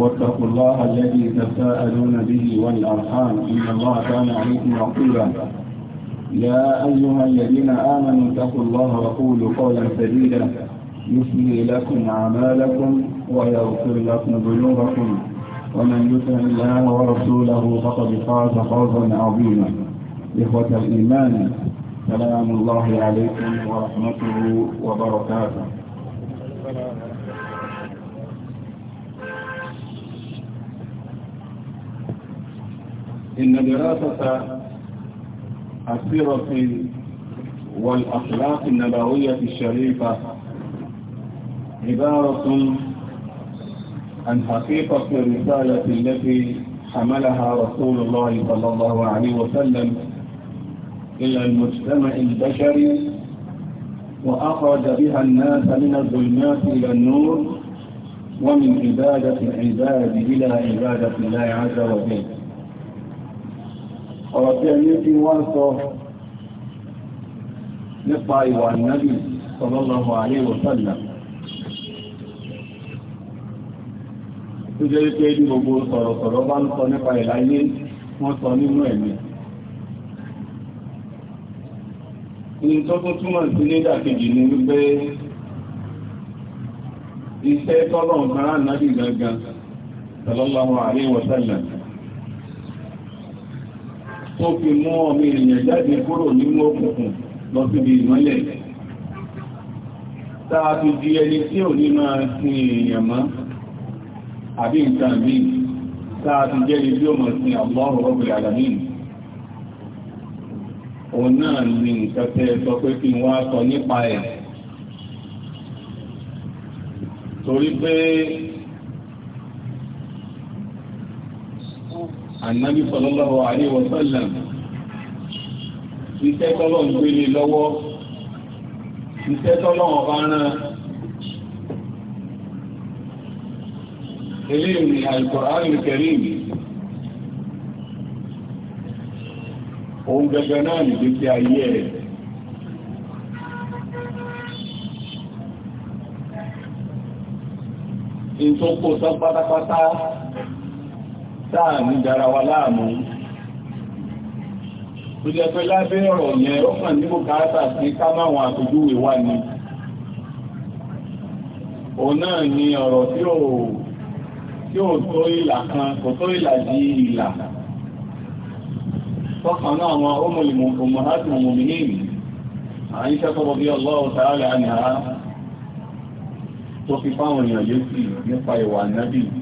واتقوا الله الذي تساءلون به والأرحام إن الله كان عليكم رقيبا يا أيها الذين آمنوا اتقوا الله وقولوا قولا سديدا يسلي لكم أعمالكم ويغفر لكم ذنوبكم ومن يطع الله ورسوله فقد فاز فوزا عظيما إخوة الإيمان سلام الله عليكم ورحمته وبركاته إن دراسة السيرة والأخلاق النبوية الشريفة عبارة عن حقيقة الرسالة التي حملها رسول الله صلى الله عليه وسلم إلى المجتمع البشري وأخرج بها الناس من الظلمات إلى النور ومن عبادة العباد إلى عبادة الله عز وجل ọ̀rọ̀ tí ẹni tí wọ́n sọ nípa ìwà Ànábì sallallahu alaihi wa ndị tó jẹ́ wípé ní gbogbo sọ̀rọ̀sọ̀rọ̀ bá ń sọ nípa ìláyé wọ́n sọ nínú ẹ̀mí ní túmọ̀ sí ni wípé iṣẹ́ tọ́lọ̀ nǹkan gangan tó fi mú ọmọ ènìyàn jáde kúrò nínú òkùnkùn lọ síbi ìmọ́lẹ̀ táa fi di ẹni tí ò ní máa sin èèyàn mọ́ àbí nǹkan bí táa fi jẹ́ ni ó máa sin Allahu Rabbul Alamin òun náà ni nǹkan tẹ́ sọ pé kí wọ́n á sọ nípa ẹ̀ torí pé ànábì sallallahu alaihi wa sallam iṣẹ́ tọ́lọ̀ ń gbélé lọ́wọ́ iṣẹ́ tọ́lọ̀ ọba rán eléyìí ni al-Qur'an al-Karim òun gẹ́gẹ́ náà nìgbé sí ayé ẹ̀ in sọ pátápátá dáàmú dára wa láàmú tó jẹ́ pé lábẹ́ ọ̀rọ̀ yẹn ó kàn ní bùkátà sí ká máwọn àpèjúwe wà ní O náà ni ọ̀rọ̀ tí o tó ìlà kan kò tó ìlà di ìlà tọ́kàn náà wọn ó mọ̀ ìmọ̀ láti mọ̀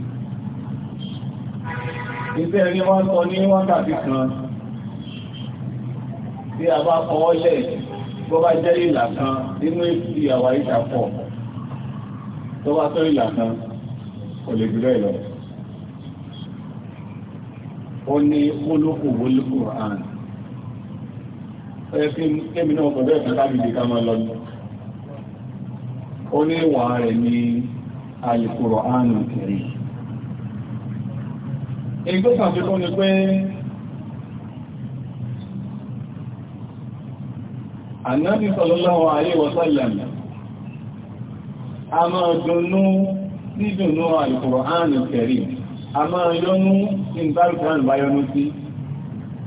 Iṣẹ́ ní wọ́n sọ ní wákàtí kan tí a bá kọwọ́ lẹ̀ tó bá jẹ́ ìlà kan nínú èsì àwà ìṣàpọ̀ tó bá tó ìlà kan kò lè jùlọ ìlọ. Ó ní olókù olókù àn. Ẹ fi kémi náà kọ̀ bẹ́ẹ̀ kọ́tà bìbí ká máa lọ Ó ní ìwà èyí tó sàfikún ni pé ànábì sallallahu alaihi wa sallam a máa dùnnú dídùnnú al-Qur'an al-Karim a máa yọnú sí ìbárùkùránì bá yọnú sí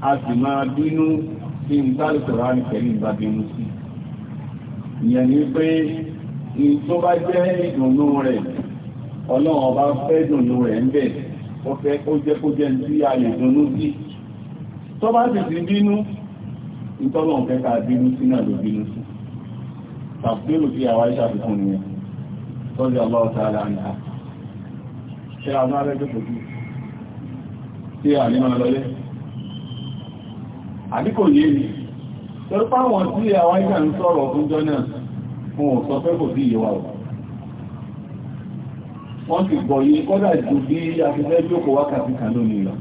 a sì máa bínú sí ìbárùkùránì al-Karim bá bínú sí ìyẹn ni pé ní tó bá jẹ́ ìdùnnú rẹ̀ ọlọ́run ọba fẹ́ dùnnú rẹ̀ ń bẹ̀ẹ́ ó fẹ́ kó jẹ́ kó jẹ́ ní a lè dùnnú sí tó bá sì ti bínú ìtọ́lọ̀ ń fẹ́ ká bínú sí náà ló bínú sí tàbílù fi àwọn iṣẹ́ àfikún ni tọ́jú ọlọ́ọ̀ta ara ṣe àwọn arẹ́gbẹ́ pẹ̀lú tí a ní máa lọlé jọ náà fún sí wọ́n ti gbọ́ yé kọ́dà jù bí afẹ́fẹ́ jókòó wákàtí kan lónìí lọ.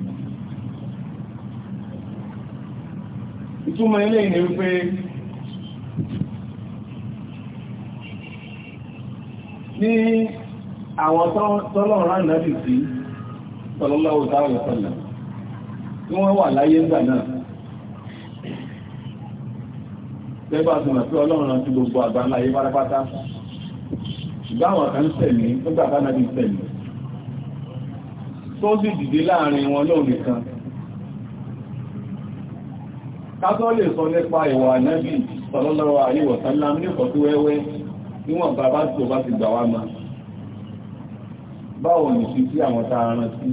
ìtumọ̀ ilé ìní wípé ní àwọn tọ́lọ̀rán ànábì sí tọ́lọ́lọ́wọ́ táwọn sọ́lọ̀ tí wọ́n wà láyé ńgbà náà lẹ́gbàtùmọ̀ tí ọlọ́run ti gbogbo àgbà ńlá yé pátápátá ṣùgbọ́n àwọn kan sẹ̀mí nígbà bá náà bí sẹ̀mí tó sì dìde láàrin wọn lóò nìkan kátó lè sọ nípa ìwà ànábì sallallahu alaihi wa sallam nípa tó wẹ́wẹ́ níwọ̀n bàbá tó bá ti gbà wá ma báwo ní sí sí àwọn tá a rán sí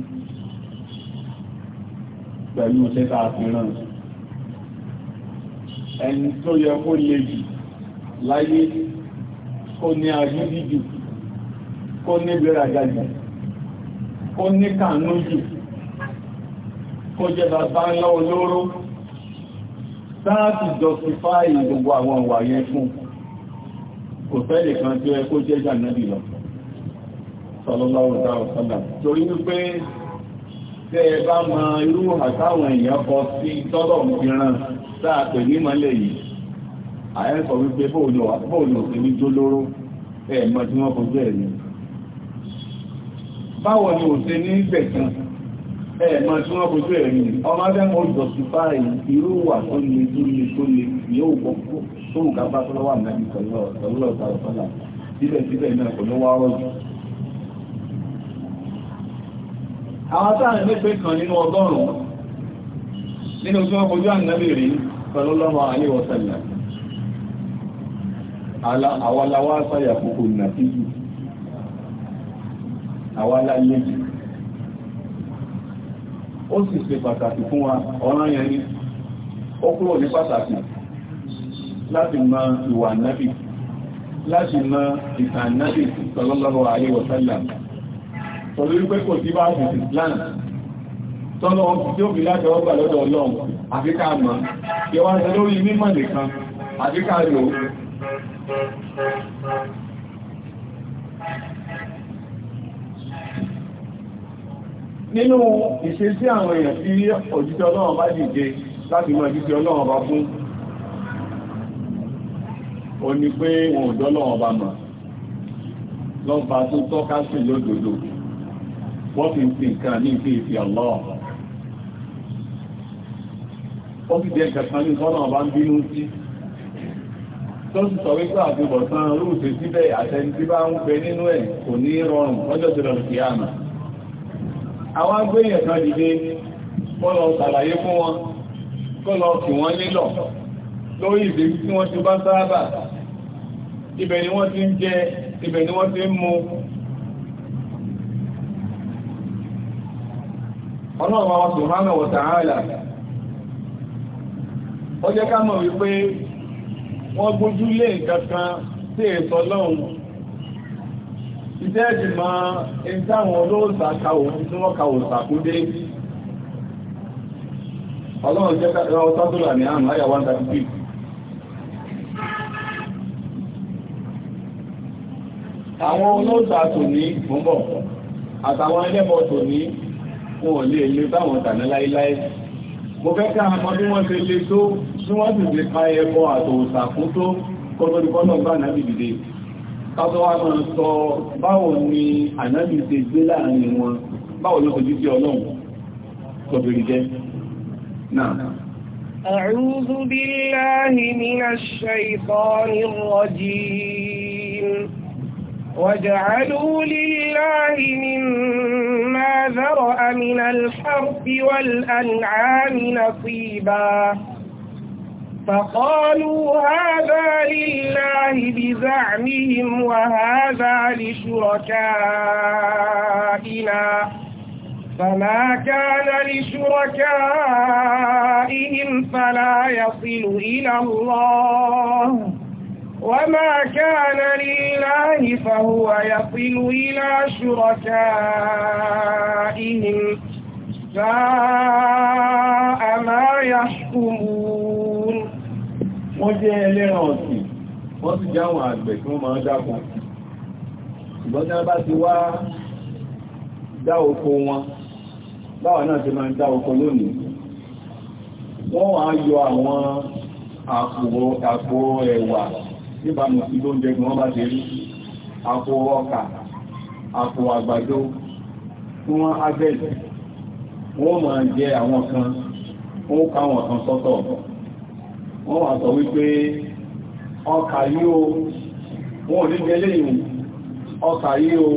pẹ̀lú iṣẹ́ tá a fi rán ẹni tó yẹ kó lè jù láyé kò ní àyíbí jù kó ní ìgbéraga jù ní kànú jù kó jẹ bàbá ńlá olóró sáàtì gbogbo àwọn ọwà yẹn fún kò fẹ́lẹ̀ kan tí ẹ kó jẹ́ jànábì lọ torí wípé tẹ́ bá irú àtàwọn èèyàn kọ sí tọ́lọ̀ ààrẹ sọ wípé bóòlù òsì ní jólóró ẹ̀ẹ̀mọ́ tí wọ́n fojú ẹ̀ ní báwo ni òsì ní gbẹ̀kan ẹ̀ẹ̀mọ́ tí wọ́n fojú ẹ̀ ní ọmọ abẹ́mọ́ ìjọsífà irú wà tó le tó le tó le ní òkò tó ń kápá tó wà náà ìtọ́lọ́ ìtọ́lọ́ síbẹ̀síbẹ̀ náà kò ní wá rọ́jù àwọn táàrin nípe kan nínú ọgọ́rùn-ún nínú tí wọ́n fojú ànàbì rí pẹ̀lú lọ́wọ́ àyíwọ̀sẹ̀lẹ̀ àwọláwà sáyà kòkò nàfíjù àwọlá yéjì ó sì ṣe pàtàkì fún wa ọ̀ràn yẹn ni ó kúrò ní pàtàkì láti mọ ìwà nábì láti mọ ìtàn nábì sallallahu alaihi wa sallam pẹ̀lú wípé kò sí bá àbùsì plan tọ́lọ tí ó fi láti ọgbà lọ́dọ̀ ọlọ́run àfikà mọ́ kí wá ń sẹ lórí mímọ̀ nìkan àfikà lò nínú ìṣesí àwọn èèyàn tí òjíṣẹ́ ọlọ́run bá dìde láti mọ ìjíṣẹ́ ọlọ́run bá fún o ní pé wọn ò dọ́lọ́run bá mọ̀ lọ́pàá tó tọ́ka sí lódodo wọ́n fi ń fi nǹkan ní ìfẹ́ ìfẹ́ ọlọ́run ó fi tó sì sọ wípé àti bọ̀tán rúùsì síbẹ̀ àtẹni bá ń pẹ nínú ẹ̀ kò ní rọrùn lọ́jọ́ tí lọ́nà kìíyàmà àwọn agbéyàn kan dìde kó lọ fún wọn kó lọ kì wọ́n nílọ lórí ìdí tí ká mọ̀ wípé wọ́n gbójú lé kankan sí ètò lọ́hùn iṣẹ́ ìgbìmọ̀ ẹni táwọn olóòsà ka òun tí wọ́n ka òsà kú dé ọlọ́run jẹ́ káàkiri ọ̀sá tó là ní àmì àyà 136 àwọn olóòsà tò ní gbọ́nbọ̀ àtàwọn ẹlẹ́mọ̀ tò ní wọn ò lè lè báwọn tà ní láíláí mo fẹ́ ká àmọ́ bí wọ́n ṣe tó tí wọ́n sì fi pa ẹbọ àtòòsà fún tó bá náàbì dìde káàkọ́ wá máa sọ báwo ni ànábì gbé láàrin wọn báwo ló kojú sí ọlọ́run tọ́bìrì jẹ́ náà أعوذ بالله من الشيطان الرجيم وَاجْعَلُوا لِلَّهِ مِمَّا ذَرَأَ مِنَ الْحَرْثِ وَالْأَنْعَامِ نَصِيبًا فقالوا هذا لله بزعمهم وهذا لشركائنا فما كان لشركائهم فلا يصل إلى الله وما كان لله فهو يصل إلى شركائهم ساء ما يحكمون wọ́n jẹ́ ẹlẹ́ran ọ̀sìn wọ́n sì jẹ́ àwọn àgbẹ̀ tí wọ́n máa tí wọ́n bá ti wá dá oko wọn báwa náà ti máa dá oko lónìí wọ́n wá yọ àwọn àpò ẹ̀wà níbàmù sí wọ́n bá ti rí àpò ọkà àpò àgbàjọ wọ́n àwọn kan ó káwọn kan sọ́tọ̀ wọ́n wà sọ wípé ọkà yíò wọ́n ò ní gẹ́lé ìwò ọkà yíò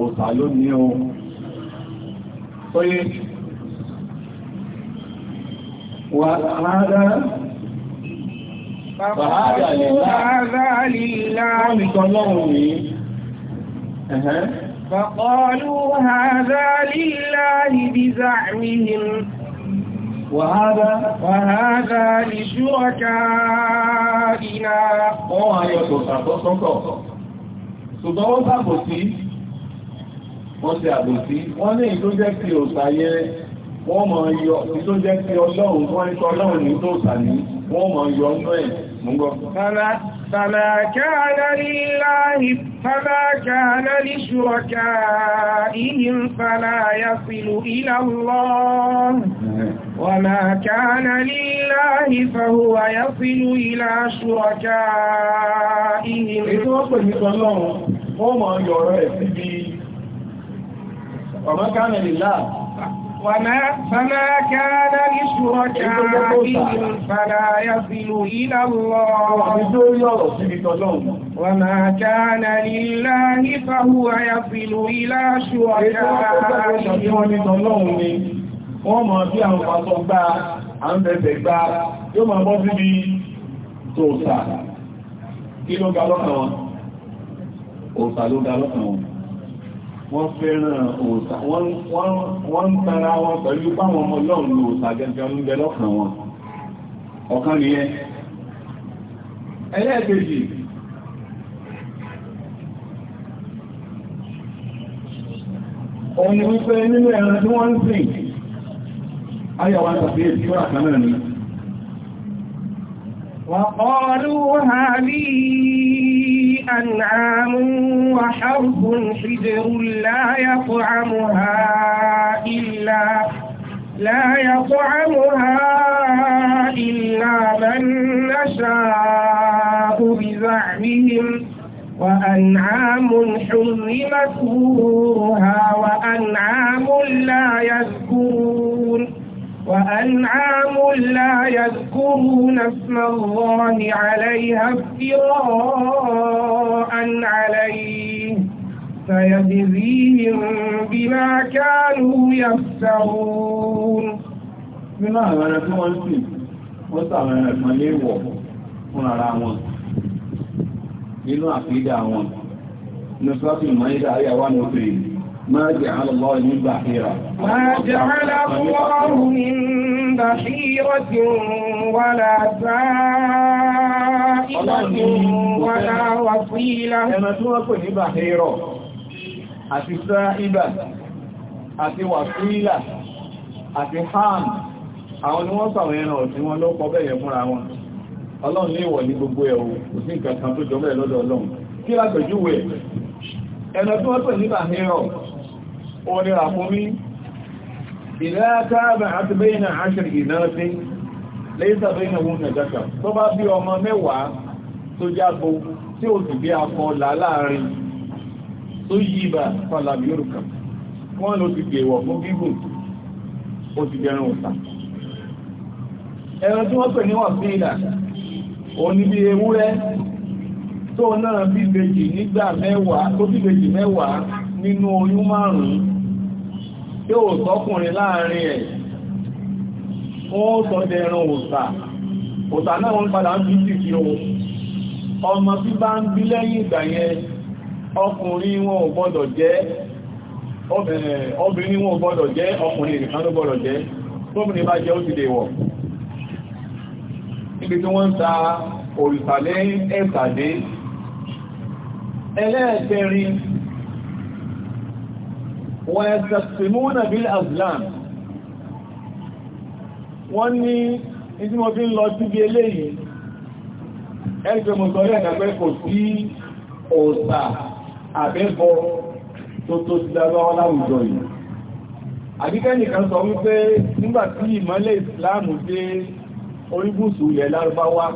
òsà ló ní o sóyé wà rárá Fàhádà lè láàá nìkan lọ́rùn ní ẹ̀hẹ́. وهذا وهذا لشركائنا wọ́n wá yọ tọ̀tọ̀tọ̀ ṣùgbọ́n wọ́n sàbò sí wọ́n ti àbò sí wọ́n ní ìtó jẹ́ kí òsà yẹ wọ́n mọ̀ yọ ìtó jẹ́ kí ọlọ́run wọ́n ń tọ́lọ́run ní tó sà wọ́n mọ̀ yọ ọ́nà ẹ̀ فما كان لله فما كان لشركائهم فلا يصل إلى الله وما كان لله فهو يصل إلى شركائهم وما كان لله فما كان لشركائهم فلا يصل إلى الله وما كان لله فهو يصل إلى شركائهم Wọ́n mọ̀ bí àwọn pàtọ̀ gbá, à ń bẹ̀bẹ̀ gbá, yóò máa bọ́ sí bí tòòsà, kí ló ga lọ́kàn wọn? Òòsà ló ga lọ́kàn wọn. wọ́n fẹ́ràn òòsà wọ́n ń tara wọn pẹ̀lú báwọn ọmọ lọ́rùn lò òòsà gẹ́gẹ́ ń lọ́kàn wọn ọ̀kan nìyẹn ẹlẹ́ẹ̀kejì òun nínú ẹran tí wọ́n ń sìn ayọ̀wà tàbí أنعام وحرف حجر لا يطعمها إلا لا يطعمها إلا من نشاء بزعمهم وأنعام حرمت ظهورها وأنعام لا يذكرون وأنعام لا يذكرون اسم الله عليها افتراء عليه سيجزيهم بما كانوا يفترون nínú àwọn ẹran tí wọ́n sì wọ́n sàwọn ẹran kan lè wọ̀ fún ara wọn nínú àfídà wọn ní sọ́ọ̀tì mọ́ ìdá ayáwá ní obìnrin ما جعل الله من بحيرة ما جعل الله من بحيرة ولا سائلة ولا وصيلة توقف بحيرة أتي سائبة أتي وصيلة أتي حام àwọn ni sàwọn ẹran ọ̀sìn wọn ló kọ bẹ́yẹ fúnra wọn ọlọ́run ní ìwọ̀ ní gbogbo ẹ̀wò kò sí tó jọ lọ́dọ̀ ọlọ́run kí ẹ̀nà wọ́n pẹ̀ nígbà òun ni ràkúnmí ìlẹ́ẹ̀ká àbẹ̀ àti bẹ́yìnà àṣírí ìnáṣẹ́ lẹ́yìnà bẹ́yìnà wọn nàìjọ́ta tó bá bí ọmọ mẹ́wàá tó jágbó tí ó sì bí akọ láàárín tó yí ibà fàlàbí òrùkà wọ́n ló ti gbèwọ̀ fún gígùn ó ti dẹrùn òsà ẹran tí wọ́n pè ní sí ìlà òun bí ewúrẹ́ tó náà bí bèjì nígbà mẹ́wàá tó bí bèjì mẹ́wàá nínú oyún márùn-ún tí ó sọ́kùnrin láàrin ẹ̀ wọ́n sọ dẹ̀rùn òsà òsà náà wọ́n padà ń bí sí o ọmọ tí bá ń bí lẹ́yìn ìgbà yẹn ọkùnrin wọn ò gbọ́dọ̀ jẹ́ obìnrin wọn ò gbọ́dọ̀ jẹ́ ọkùnrin nìkan ló gbọ́dọ̀ jẹ́ tóbìnrin bá jẹ́ ó ti lè wọ̀ níbi tí wọ́n ń ta òrìṣà lẹ́yìn ẹ̀sàdé ẹlẹ́ẹ̀kẹrin wẹ̀ẹ́sẹ̀sìmúnà bí azlam wọ́n ní ìdí mo fi ń lọ sí bí eléyìí ẹgbẹ́ mo sọ yẹ́ pé kò sí òòṣà àbẹ́bọ tó tó ti dára láwùjọ yìí àbíkẹ́nìkan sọ wípé nígbàtí ìmọ́lẹ̀ ìsìláàmù dé orígbùsù ilẹ̀ lárúbáwá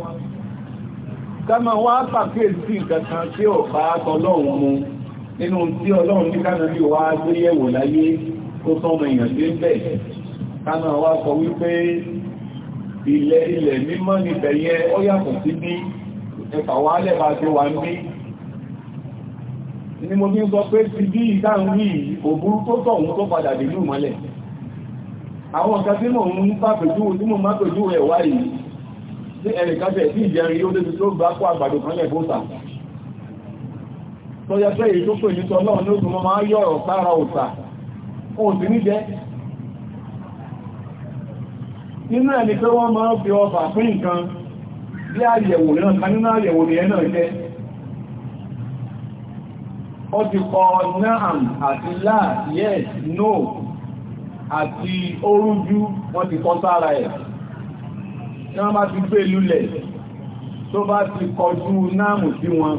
ká máa wá pàkíyèsí nǹkan kan tí ò tọ́lọ́run mu nínú tí ọlọ́run tí kánàbí wá gbéyẹ̀wò láyé tó sọmọ èèyàn tí ń bẹ̀ kánà wá sọ wípé ilẹ̀ ilẹ̀ mímọ́ níbẹ̀ yẹ ó yàtọ̀ sí bí ẹfà wá lẹ́bà tí wà ń bí ni mo bí ń sọ pé ti bí ìdáhùn yìí òbúrú tó tọ̀hún tó padà dé lù mọ́lẹ̀ àwọn nǹkan tí mò ń pàpèjúwò tí mò má pèjúwò ẹ̀wá yìí tí ẹnìkan tẹ̀ sí ìjẹrin yóò débi tó gbá kó àgbàdo kan lẹ̀ bóta tó yẹ pé èyí tó pè ní tọ́lọ́run ló tún máa yọ̀rọ̀ sára òsà ohun sí níjẹ́ nínú ẹni pé wọ́n máa fi ọfà fún nǹkan bí àyẹ̀wò náà kan nínú àyẹ̀wò nìyẹn náà jẹ́ ó ti kọ náàm àti láà yes no àti orújú wọ́n ti kọ sára ẹ̀ tí wọ́n bá ti gbé e lulẹ̀ tó bá ti kọjú náàmù sí wọn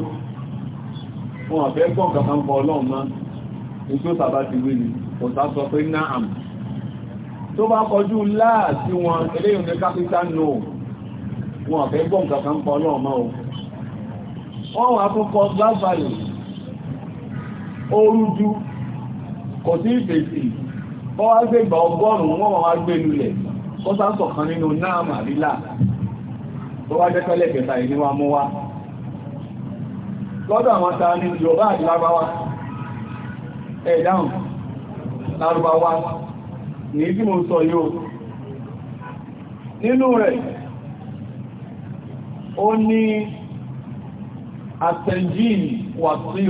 wọn àfẹ́ gbọ́n kankan pọ̀ ọlọ́run má ní tó sàbá ti wí ni ọ̀tá sọ pé náàm tó bá kọjú láà sí wọn eléyìí ní kápítà nù wọn àfẹ́ gbọ́n kankan pọ̀ ọlọ́run má o wọ́n wà fún kọ gbáfàlì orújú kò sí ìfèsì wọ́n wá gbé ìgbà ọgọ́rùn-ún wọ́n wá gbé lulẹ̀ kọ́sá sọ̀kan nínú náàm àrílà tó wá wá lọ́dọ̀ àwọn ta ní Yorùbá àti Lárúbáwá ẹ̀dáhùn Lárúbáwá ní tí mo sọ yóò nínú rẹ̀ ó ní àtẹ̀jìn wà sí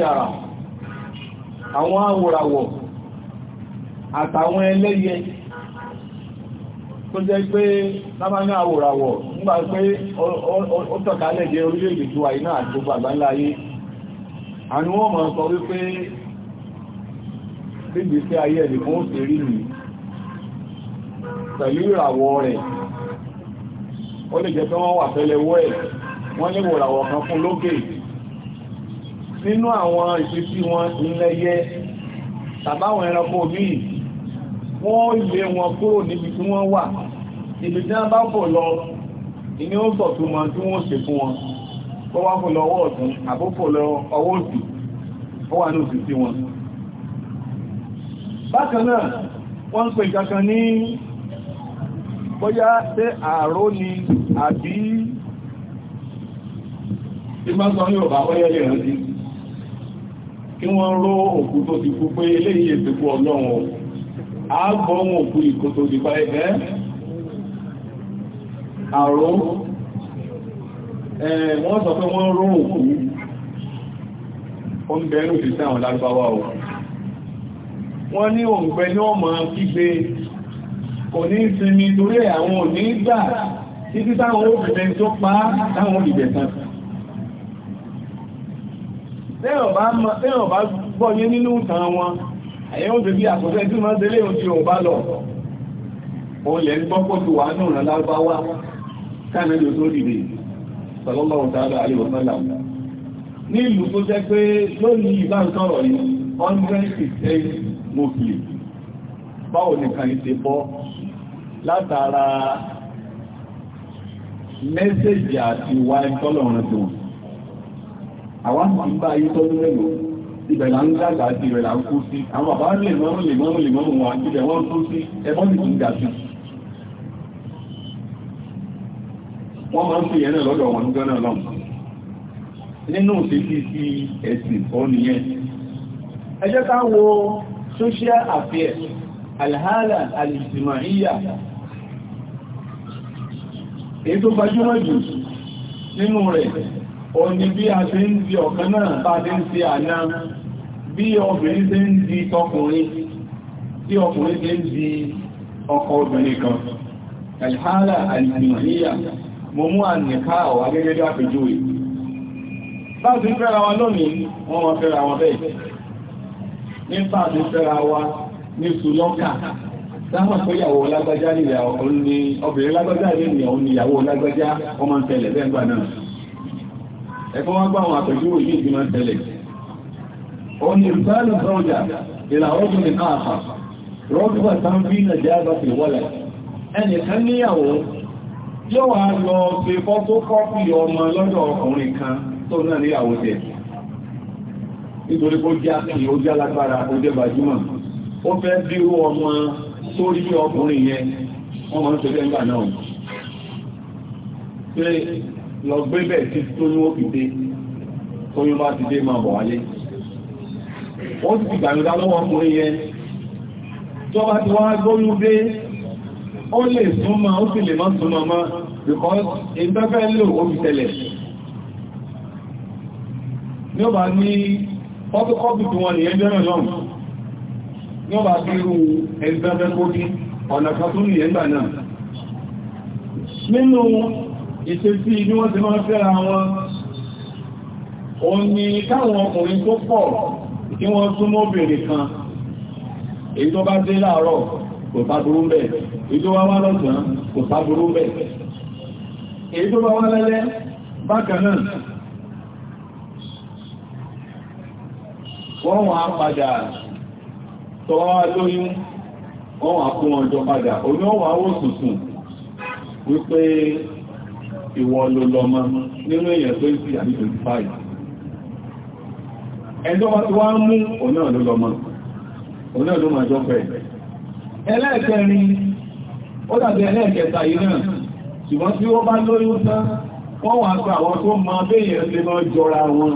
àwọn awòràwọ̀ àtàwọn ẹlẹ́yẹ tó jẹ́ pé nígbà pé ó tọ̀kálẹ̀ jẹ́ orílẹ̀-èdè tó wà iná àti àni wọ́n máa sọ wípé bíbi sí ayé ẹ̀lẹ́kùn ó sì rí nìí pẹ̀lú ìràwọ̀ rẹ̀ ó lè jẹ́ pé wọ́n wà tẹ́lẹ̀wọ́ ẹ̀ wọ́n ní wòràwọ̀ kan fún lókè nínú àwọn ìṣesí wọn ńlẹ́yẹ tàbáwọn ẹranko míì wọ́n lé wọn kúrò níbi tí wọ́n wà ibi tí wọ́n bá fò lọ ìní ó sọ̀tún wọn tí wọ́n ṣe fún wọn ó wá fò lọ ọwọ́ ọ̀tún àbófò lọ ọwọ́ òsì ó wà ní òsì sí wọn bákan náà wọ́n ń pè kankan ní bóyá tẹ́ ààrò ni àbí ìmọ́sán yóò bá wọ́yẹ́ lè rántí kí wọ́n ró òkú tó ti kú pé eléyìí ètòkú ọlọ́run àágbọ́ wọn òkú ìkó tó ti bá ẹgbẹ́ ààrò Eh, wọ́n sọ pé wọ́n ró òkú ó ń bẹ̀rù sí sáwọn lágbàwà ò wọ́n ní òǹgbẹ́ ní ọmọ gbígbé kò ní sinmi torí àwọn ò ní gbà títí táwọn obìnrin tó pa táwọn olùgbẹ̀ tán tẹ́yàn bá gbọ́ yé nínú ìtàn wọn àyẹ́ ó ti bí àkọsẹ́ tí wọ́n tẹ́lẹ̀ ohun tí ó bá lọ òun lẹ́ ń gbọ́pọ̀ tó dìde sallallahu ta'ala alaihi wa sallam ní ìlú tó jẹ́ pé lónìí ìbá ń sọ̀rọ̀ yìí 100% muslim báwo nìkan ìṣe bọ́ látara mẹ́sẹ̀jì àti ìwà ìtọ́lọ̀run tó àwọn àmì bá ayé tọ́jú mẹ́lò ìbẹ̀lá ń dàgbà àti ìrẹ̀lá ń kú sí àwọn bàbá lè mọ́rún lè mọ́rún lè mọ́rún wọn àti ìbẹ̀ wọ́n tún sí ẹbọ́n ìtúndà sí wọ́n máa ń fi ẹ̀rẹ́ lọ́dọ̀ wọn níjọ́ náà lọ́mù nínú òṣèlú sí ẹ̀sìn òníyẹn ẹ jẹ́ ká wo social affairs alhala alìsìmáyíyà èyí tó gbajúmọ̀ jù nínú rẹ̀ o ni bí a ṣe ń di ọ̀kan náà bá dé ń ṣe àná bí obìnrin ṣe ń di tọkùnrin tí ọkùnrin ṣe ń di ọkọ obìnrin kan alhala alìsìmáyíyà mo mú ànìká ọ̀wà gẹ́gẹ́ àpèjúwe láti fẹ́ra wa lónìí wọ́n wọ́n fẹ́ra wọn bẹ́ẹ̀ nípa àti fẹ́ra wa ní sùlọ́kà láwọn àpéyàwó lágbájá nílẹ̀ obìnrin lágbájá nílẹ̀ ìyàwó lágbájá ọmọ máa ń tẹ̀lẹ̀ yóò wá lọ ṣe fọ́tó kọ́pì ọmọ lọ́dọ̀ ọkùnrin kan tó náà ní àwọn jẹ nítorí kó já kí ó já lágbára ó jẹ́ gbajúmọ̀ ó fẹ́ bírú ọmọ tó rí ọkùnrin yẹn wọ́n máa ń ṣe fẹ́ ńgbà náà pé lọ gbé bẹ́ẹ̀ sí tó ní òkìdé tóyún bá ti dé máa bọ̀ wálé wọ́n ti gbàgbé lọ́wọ́ ọkùnrin yẹn tó bá ti wá gbóyún dé ó lè súnmọ́ ó sì lè má súnmọ́ mọ́ because ìgbẹ́fẹ́ lò ó fi tẹ́lẹ̀ ní ó bá ní fọ́tọ́kọ́pì tí wọ́n lè ẹjọ́ náà lọ́nà ní ó bá bí irú ẹgbẹ́fẹ́ kókí ọ̀nà kan tó ní ẹgbà náà nínú ìṣesí ní wọ́n ti máa fẹ́ra wọn òun ni káwọn ọkùnrin tó pọ̀ kí wọ́n súnmọ́ obìnrin kan èyí tó bá dé láàárọ̀ kò sáburú ń bẹ̀ ìjọ wá wá lọ́sàn kò sáburú ń bẹ̀ èyí tó bá wá lẹ́lẹ́ bákan náà wọ́n wọ́n á padà tọ́wọ́ wọ́n wọ́n á kún ọjọ́ padà oní ọwọ́ sùsùn wípé ìwọ ló nínú èèyàn tó ń 25 ẹjọ́ wá mú ẹlẹ́ẹ̀kẹrin ó dàbí ẹlẹ́ẹ̀kẹta yìí náà ṣùgbọ́n tí ó bá lóyún tán wọ́n wà pa àwọn tó mọ béèyàn lè mọ́ jọra wọn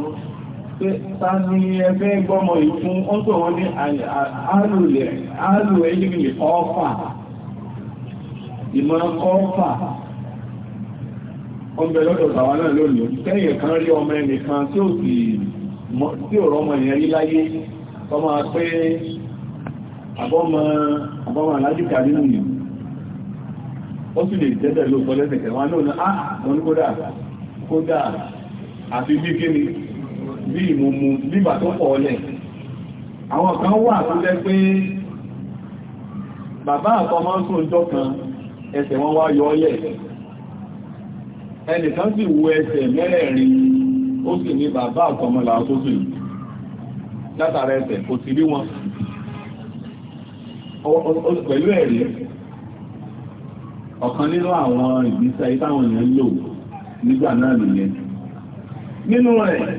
pé ta ni ẹgbẹ́ gbọ́mọ ìfún ó tó wọ́n ní àlù ẹ̀yìn ọ̀fà ìmọ̀ ọ̀fà ọmọ lọ́dọ̀ tàwa náà lónìí kẹ́yìn kan rí ọmọ àbáwọn alájùkà nínú yìí ó sì lè tẹ́tẹ̀ ló sọ wọn lónà á wọn kódà kódà àfi bí kíni bí ìmúmú bíbà tó pọ̀ ọlẹ̀ àwọn kan wà tó jẹ́ pé bàbá àtọmọ́ ń sún ọjọ́ kan ẹsẹ̀ wọn wá yọ ọlẹ̀ ẹnìkan sì wo ẹsẹ̀ mẹ́rẹ̀ẹ̀rin ó sì ní bàbá àtọmọ́ làwọn tó sì látara ẹsẹ̀ kò sí rí wọn pẹ̀lú ẹ̀rí ọ̀kan nínú àwọn ìgbésẹ̀ ayé èèyàn lò nígbà náà nìyẹn nínú rẹ̀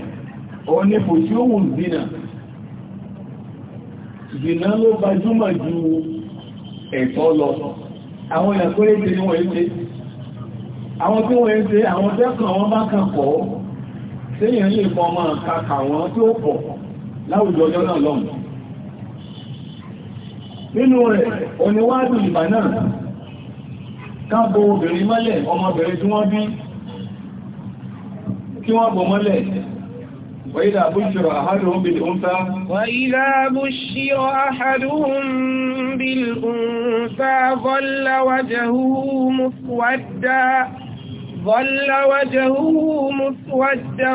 òun ni kò sí òun dínà dínà ló gbajúmọ̀ ju ẹ̀tọ́ lọ àwọn èèyàn èdè ni wọ́n ṣe àwọn tí wọ́n ṣe àwọn tẹ́kàn wọn bá kàn pọ̀ séèyàn lè fọmọ kàkà wọn tí ó pọ̀ láwùjọ ọjọ́ náà lọ́hùn nínú rẹ̀ oníwádùn ìgbà náà káàbò obìnrin mọ́lẹ̀ ọmọbìnrin tí wọ́n bí kí wọ́n bọ̀ mọ́lẹ̀ وإذا بشر أحدهم بالأنثى وإذا بشر أحدهم بالأنثى ظل وجهه مسودا ظل وجهه مسودا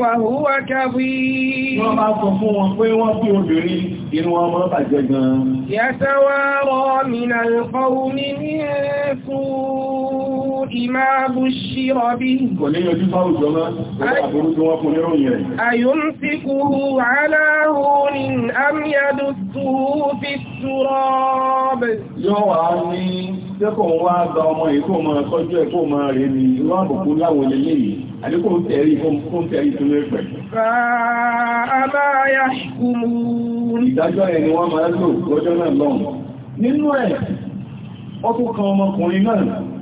وهو كظيم wọ́n máa sọ fún wọn pé wọ́n fi obìnrin inú ọmọ bàjẹ́ gan-an yatawarā min al-qawmi min sū' المرء ما بشر به أيمسكه على هون أم يدسه في التراب Jẹ́kọ̀ọ́ wá gba ọmọ ìkó máa tọ́jú ẹ̀kọ́ máa rẹ̀ ni wọ́n àbùkú láwọn ilé yìí, àdíkò ń tẹ̀rí fún tẹ̀rí tún lẹ́pẹ̀. Fàábáyà kùmùn. Ìdájọ́ ẹ̀ ni wọ́n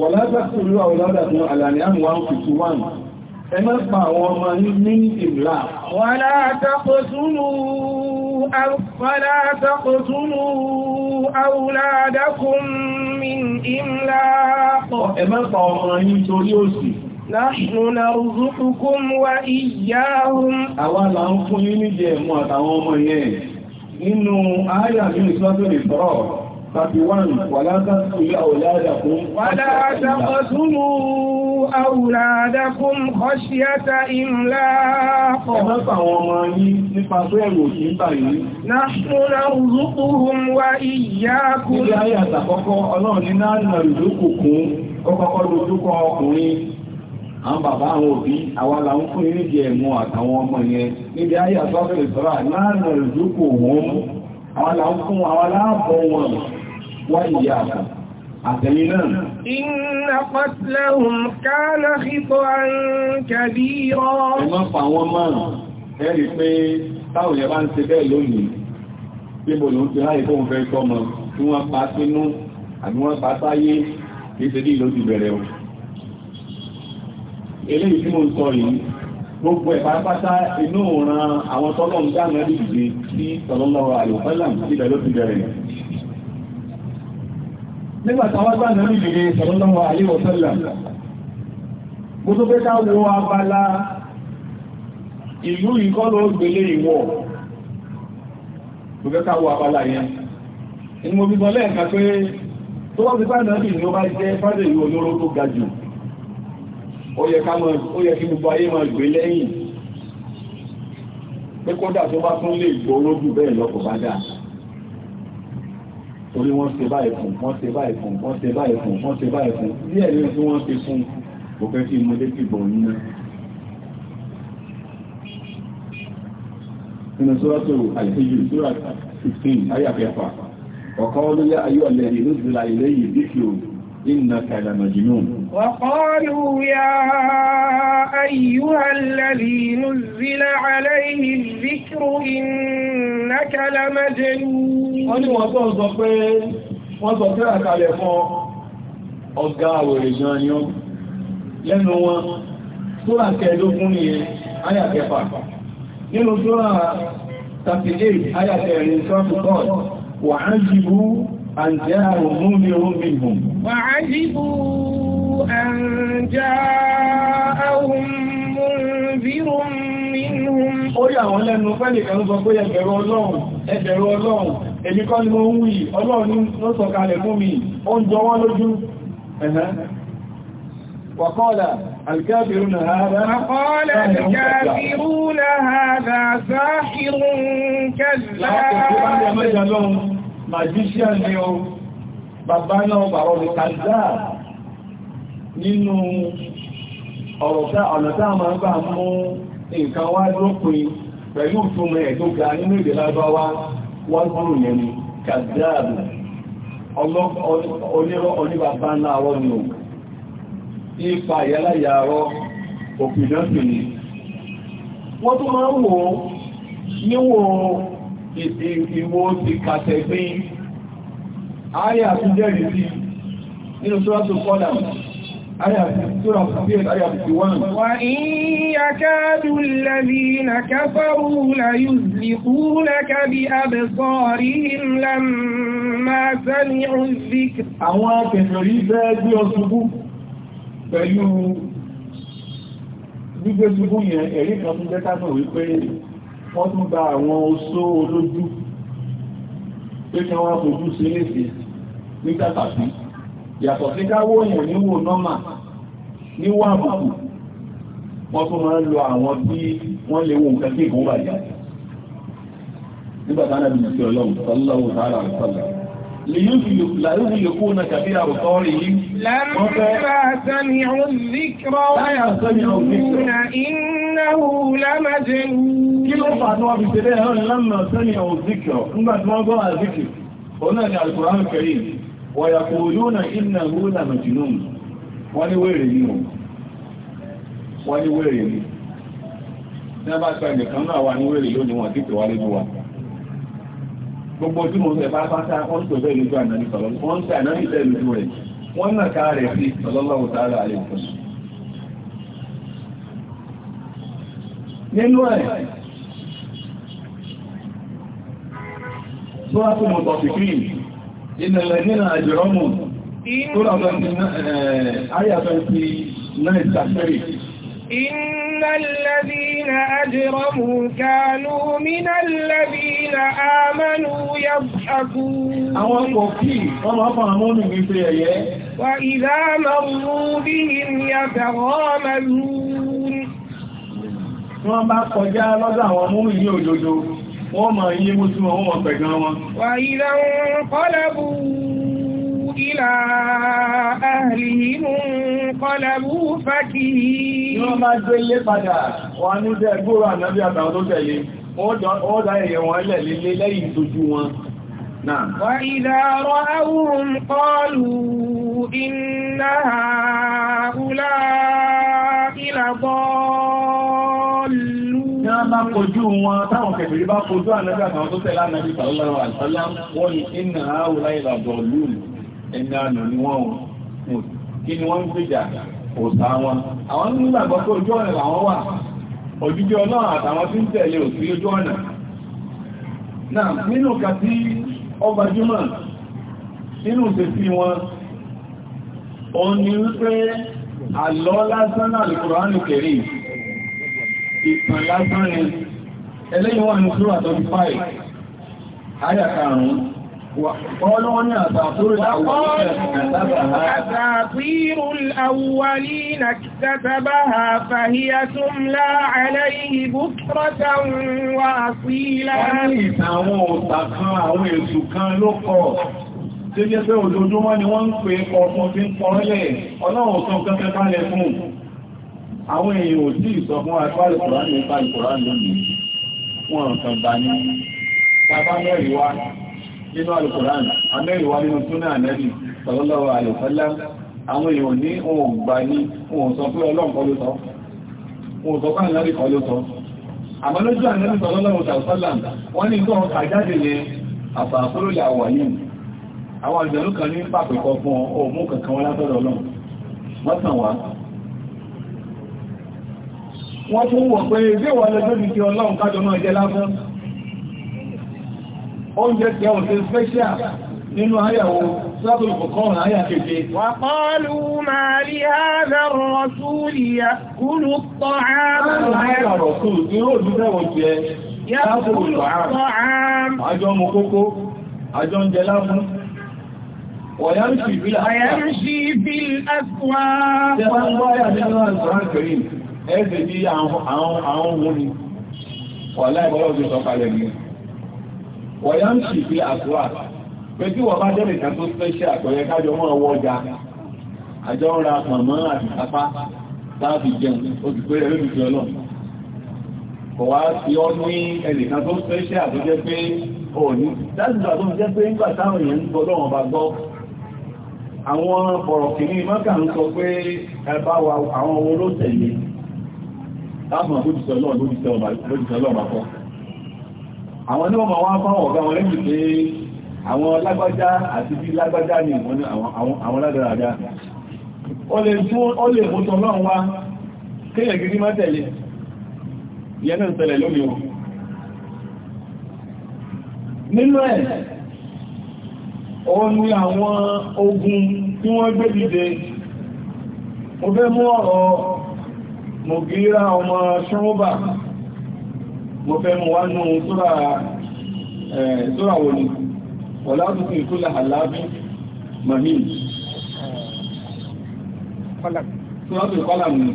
wọ̀ látàkì ìlú àwọ̀lọ́dàkùn àlàní àmì 151 ẹ má pa àwọn ọmọ ní ìmìlá wọ́n látàkùsùnù àwọ̀lọ́dàkùn min ìmìlá ẹ má pa ọmọ yín torí òṣì Láṣù na rùzùkùkùn wa ìyáhùn. Àwa là fún yín ní jẹ mú àtàwọn ọmọ yẹn nínú ayà nínú ìsọ́tò ìsọ́rọ̀. 31 ولا تقتلوا أولادكم ولا تقتلوا أولادكم خشية إملاق نحن نرزقهم وإياكم Ilé ayé àtàkọ́kọ́ ọlọ́run ní náà nà rùdúkùkún, kọ́kọ́kọ́ rùdúkọ ọkùnrin, àwọn bàbá àwọn òbí, àwọn làwọn fún ìrìnjẹ ẹ̀mú àtàwọn ọmọ yẹn. Níbi ayé àtọ́fẹ́ ìsọ́rà náà nà rùdúkù wọn, àwọn làwọn fún àwọn aláàbọ̀ wọn. وإياكم أتينا إن قتلهم كان خطأ كبيرا ما فهما ẹ̀rì pé táwọn yẹn bá ń ṣe bẹ́ẹ̀ lónìí níbo ló ń ti ráyè fóun fẹ́ sọmọ tí wọ́n pa sínú àbí wọ́n pa sáyé kìí ṣe díì ló ti bẹ̀rẹ̀ o eléyìí tí mo ń sọ yìí gbogbo ẹ̀ inú ran àwọn tọ́lọ́ ń dáná dìde sí tọ́lọ́lọ́wọ́ àlùfẹ́làm síbẹ̀ ló ti bẹ̀rẹ̀ nígbàtàwàgbà náà nìgbèrè sọ̀rọ̀lọ́wọ́ àyíwọ̀sọ́là gbogbo pé ká wo abala ìlú ìkọ́lọ̀ ògbèlé ìwọ̀ gbogbo ká wo abala yẹn inú mo bí bọ́lẹ̀ ẹ̀ka pé tó wọ́n ti bá náà bí ní ó bá jẹ́ fádẹ̀ ìlú olóró tó ga jù ó yẹ kí gbogbo ayé máa gbé lẹ́yìn pé kódà tó bá tún lè gbọ́ ológun bẹ́ẹ̀ lọ́kọ̀ torí wọ́n ṣe báyìí fún wọ́n ṣe báyìí fún wọ́n ṣe báyìí fún wọ́n ṣe báyìí fún bí ẹ̀rí tí wọ́n ṣe fún kò fẹ́ kí mọ́lé ti bọ̀ nínú nínú sọ́rọ́tò àìsíjú sọ́rọ́ 15 ayàfẹ́fà ọ̀kan ọdún yá ayọ́ ọ̀lẹ́yìn ló ti la ilé yìí bí kí o إنك لمجنون وقالوا يا أيها الذي نزل عليه الذكر إنك لمجنون wọ́n ní wọ́n tó ń sọ pé wọ́n sọ pé àkàlẹ̀ fún ọgá àwòrẹ̀ ni ó lẹ́nu wọn tóra kẹẹ̀dógún ni أن جاءهم منذر منهم وعجبوا أن جاءهم منذر منهم ó yà wọ́n lẹ́nu fẹ́nìkan sọ pé ẹ bẹ̀rù Ọlọ́run ẹ bẹ̀rù Ọlọ́run èmi kọ́ ni mo ń wí Ọlọ́run ló sọ̀kalẹ̀ fún mi ó ń jọ wọ́n lójú ẹ̀hẹ́ wàkọ́ọ̀lá الكافرون magician ni o bàbá náà bàbá ọ̀rọ̀ kàzá nínú ọ̀nà tá ma ń bá mú nǹkan wá lópin pẹ̀lú ìtumọ̀ ẹ̀ tó nínú èdè lágbáwá wọ́n gbúrò yẹn ni kàzá ìwò ti kàtẹ̀ sí àyà tí jẹ́rì sí nínú tó rátò kọ́dà àyà tí tó rà fún bíẹ̀ àyà tí wọ́n wà ìyà káàdù lẹ́bí na káfàrú na yùzìkú lẹ́ka bí wọ́n tún gba àwọn oṣó olójú pé kí wọ́n fojú sí léṣe ní kàtàkì yàtọ̀ sí káwó èèyàn níwò nọ́mà níwò àbùkù wọ́n tún máa ń lo àwọn tí wọ́n lè wo nǹkan tí wà yá nígbà tí anábì sí ọlọ́run sọlọ́wọ́ kí ló fà ní na iná húlà mẹ́jìnún wọ́n ní wèrè ní wọ́n ní wèrè ní ní a bá سورة المطففين إن الذين أجرموا سورة آية 29 تحتري إن الذين أجرموا كانوا من الذين آمنوا يضحكون وإذا مروا بهم يتغامزون wọ́n bá kọjá lọ́dọ̀ àwọn múmi ní òjòjò wọ́n máa yí mú sí wọn wọ́n pẹ̀gán wọn. wà ìlà ń kọ́lẹ̀bù ìlà àhìlìmù kọ́lẹ̀bù fàkì. ní wọ́n bá gbé ilé padà wà ní jẹ́ gbóòrò ànábí àtàwọn tó tẹ̀lé wọ́n dá wọn lẹ̀lẹ́lẹ́ tán bá kojú wọn táwọn kẹfìrí bá kojú ànábì àtàwọn tó tẹ̀lé ànábì sallallahu alaihi wasallam wọ́n ni iná àwòrán ìlàbọ̀ lóòlù ẹni àná ni wọ́n kí ni wọ́n ń gbèjà òsà wọn àwọn nígbàgbọ́ pé ojú ọ̀nà làwọn wà òjújú ọlọ́run àtàwọn tí ń tẹ̀lé òsì ojú ọ̀nà náà nínú kà sí ọgbàjúmọ̀ nínú ìsẹ̀sí wọn òun ni wípé àlọ́ lásán náà lè Kùránì kẹrì ìtàn lásán ni ẹlẹ́yìn wà ní ṣúra 35 àyà karùn-ún Ọlọ́wọ́n ní àtàkùrù الأولين اكتتبها عليه بكرة وأصيلا jẹ́ pé òjòjúmọ́ ni wọ́n ń pè ọkùn tí ń pọ̀ lẹ́ ọlọ́run sọ kẹ́kẹ́ bá fún àwọn èèyàn ò tí ìsọ fún agbárí kòrán ní ipa ìkòrán lónìí wọn kàn bá ní tàbá mẹ́rìíwá nínú alùkòrán amẹ́rìíwá nínú súnà ànẹ́bì sallallahu alaihi wasallam àwọn èèyàn ní ohun gbà ní ohun sọ pé ọlọ́run kọ́ ló sọ ohun sọ pé ànẹ́bì kọ́ ló sọ àmọ́ lójú ànẹ́bì sallallahu alaihi wasallam wọ́n ní nǹkan ọkà jáde yẹn àfàkúrò yà wà yìí àwọn àjọ̀lú kan ní pàpẹ̀kọ fún ọmọ kankan wọn látọ̀dọ̀ ọlọ́run wọ́n tàn wá wọ́n tún wọ̀ pé ilé wà lọ́jọ́ ní kí ọlọ́run kájọ náà jẹ lábọ́n oúnjẹ tí àwọn special nínú àyàwó sábẹ̀ ìkọ̀kọ́rùn àyà keje wàkọ́lù máa rí hádà rọ̀súlì yàkúlù tọ́hán Wọ̀yá ń ṣì ẹ̀ẹ́sẹ̀ bí àwọn wọ́n wà láìbọ́lọ́ ọdún ìsọ́kalẹ̀ ní wọ̀yá ń sì fi àtúwà pé tí wọ́n bá jẹ́ nìkan tó spẹ́ṣẹ́ àpẹẹrẹ kájọ mọ́ ọwọ́ ọjà àjọ ń ra pọ̀nmọ́ àti apá láti jẹun oṣù pé rẹ̀ lóbi fi ọlọ́run kò wá sí ọ ní ẹnìkan tó spẹ́ṣẹ́ àtúnjẹ́ pé òní láti gbà tó jẹ́ pé nígbà táwọn èèyàn ń gbọ́ lọ́wọ́n bá gbọ́ àwọn ọ̀rọ̀ kìíní mọ́kà ń sọ pé ẹ bá wa àwọn owó ló tẹ̀lé táàmà bójútẹ́ ọlọ́run bójútẹ́ ọlọ́run àkọ́ àwọn ní wọ́n ma wá fáwọn ọ̀gá wọn lẹ́yìn pé àwọn lágbájá àti bí lágbájá ní àwọn lágbàrájá ó lè mú tọ́ lọ́run wá kéèyàn gidi má tẹ̀lé ìyẹn náà tẹ̀lẹ̀ lómi o nínú ẹ̀ òun ni àwọn ogun tí wọ́n gbé dìde mo fẹ́ mú ọ̀rọ̀ Mùgírà ọmọ ṣọ́ọ́bà mo fẹ́ mú wá nú sóra wọ̀lú ọ̀làbùkù ìkúlà àlábí mahim sọ́tù kọ́làmù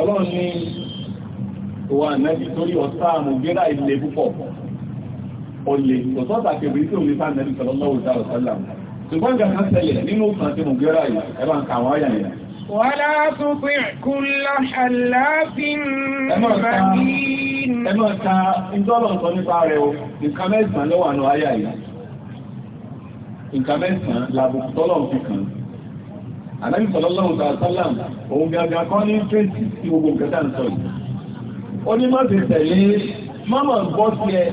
ọlọ́run ní ìwà nẹ́bí torí ọ̀sá Mùgírà ilé púpọ̀ ọlẹ̀ ọ̀sọ́ta kẹbìrì tí òun ní sáà nẹ́bí sọ̀rọ̀ lọ́wọ́ ìdá ọ̀sálàmù ṣùgbọ́n ìgbà kan ṣẹlẹ̀ nínú ìtàn tí Mùgírà yìí ẹ̀bá ń kà wọ́n yà yà Wọ́lá tó pé kúlọ àláfin mọ̀bàdín. Ẹmọ́ ta ìjọ́lọ̀ sọ nípa rẹ̀ o, nǹkan mẹ́sàn ló wà ní ayà yìí. Nǹkan mẹ́sàn làbùkù tọ́lọ̀ fi kàn. Ànábì sọ̀lọ́lọ́run ta sálàm, òun gàgà kan ní tírèsì sí gbogbo nǹkan tá ń sọ yìí. Ó ní má ti tẹ̀lé, má mọ̀ gbọ́ sí ẹ,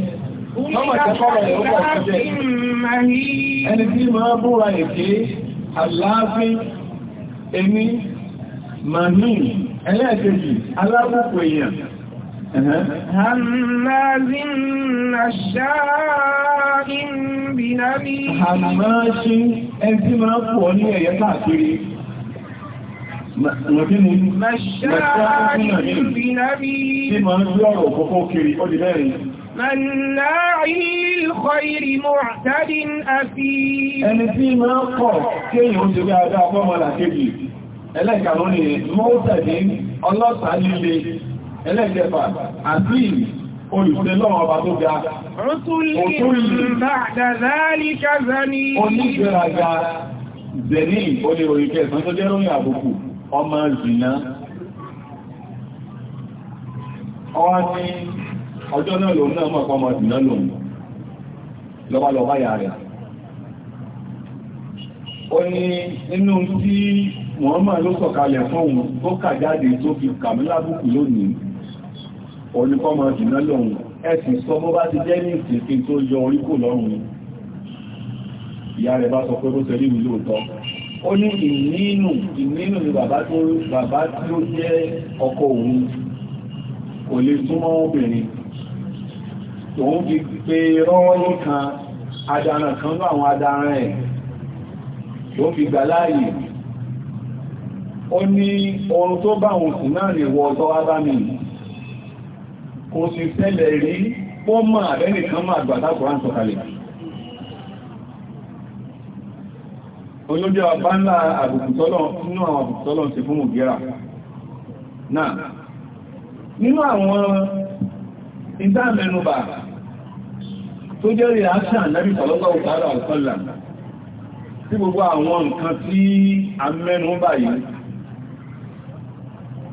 má mọ̀ tẹ́kọ́ rẹ̀ ó bọ̀ sí jẹ. Ẹni tí máa búra èké, àláfin ẹni mami ẹlẹ́ẹ̀kejì alábùkù èèyàn Hàmàzín àṣáàrín bìnàmí. Hàmàṣí ẹjí máa pọ̀ ní ẹ̀yẹ káàkiri. Mọ̀kíni? Màṣáàrín bìnàmí. Tí máa ń rí ọ̀rọ̀ kókó kiri, ó di bẹ́rin. Màláàrí ìlúkọ̀ìrì mọ̀tàdín àti. Ẹni tí máa pọ̀ kéèyàn ó ti rí adá ẹlẹ́kàrún ni mọ́ọ̀tẹ̀dí ọlọ́ta líle ẹlẹ́kẹfà àti olùsẹ́lọ́wọ́ ọba tó ga onígbèraga zẹ̀ní olèròyìn kẹsàn tó jẹ́ ròyìn àbùkù ọmọ zìnà ọwá ní ọjọ́ náà lòun náà mọ̀ ọmọ zìnà lòun lọ́wọ́lọ́wọ́ yà rẹ̀ ó ní inú tí Muhammad ló sọ̀kalẹ̀ fọ́hun tó kà jáde tó fi kàmílábùkù lónìí oníkọ́mọ̀ jùlọ lòun ẹ̀sìn sọ bó bá ti jẹ́ ní ìsìnkí tó yọ orí kò lọ́rùn ìyá rẹ̀ bá sọ pé ó tẹ̀lé ìlú òótọ́ ó ní ìnínú ìnínú ni bàbá tó bàbá tí ó jẹ́ ọkọ òun kò lè súnmọ́ obìnrin tòun fi pe rọ́ọ̀yìn kan adaràn kan ní àwọn adaràn ẹ̀ tó fi gbà láàyè ó ní oorun tó bá òun sì náà lè wọ ọ̀tọ́ ádámì kò sì ṣẹlẹ̀ rí pọ́ mọ́ àbẹ́nìkan máa gbàdá kòrán sọ̀kalẹ̀ olójú àbá ńlá àbùkùtọ́lọ̀ nínú àwọn àbùkùtọ́lọ̀ ti fún mùgíra náà nínú àwọn ìdámẹ́nubà tó jẹ́ rí àṣà tí gbogbo àwọn nǹkan tí a mẹ́nu báyìí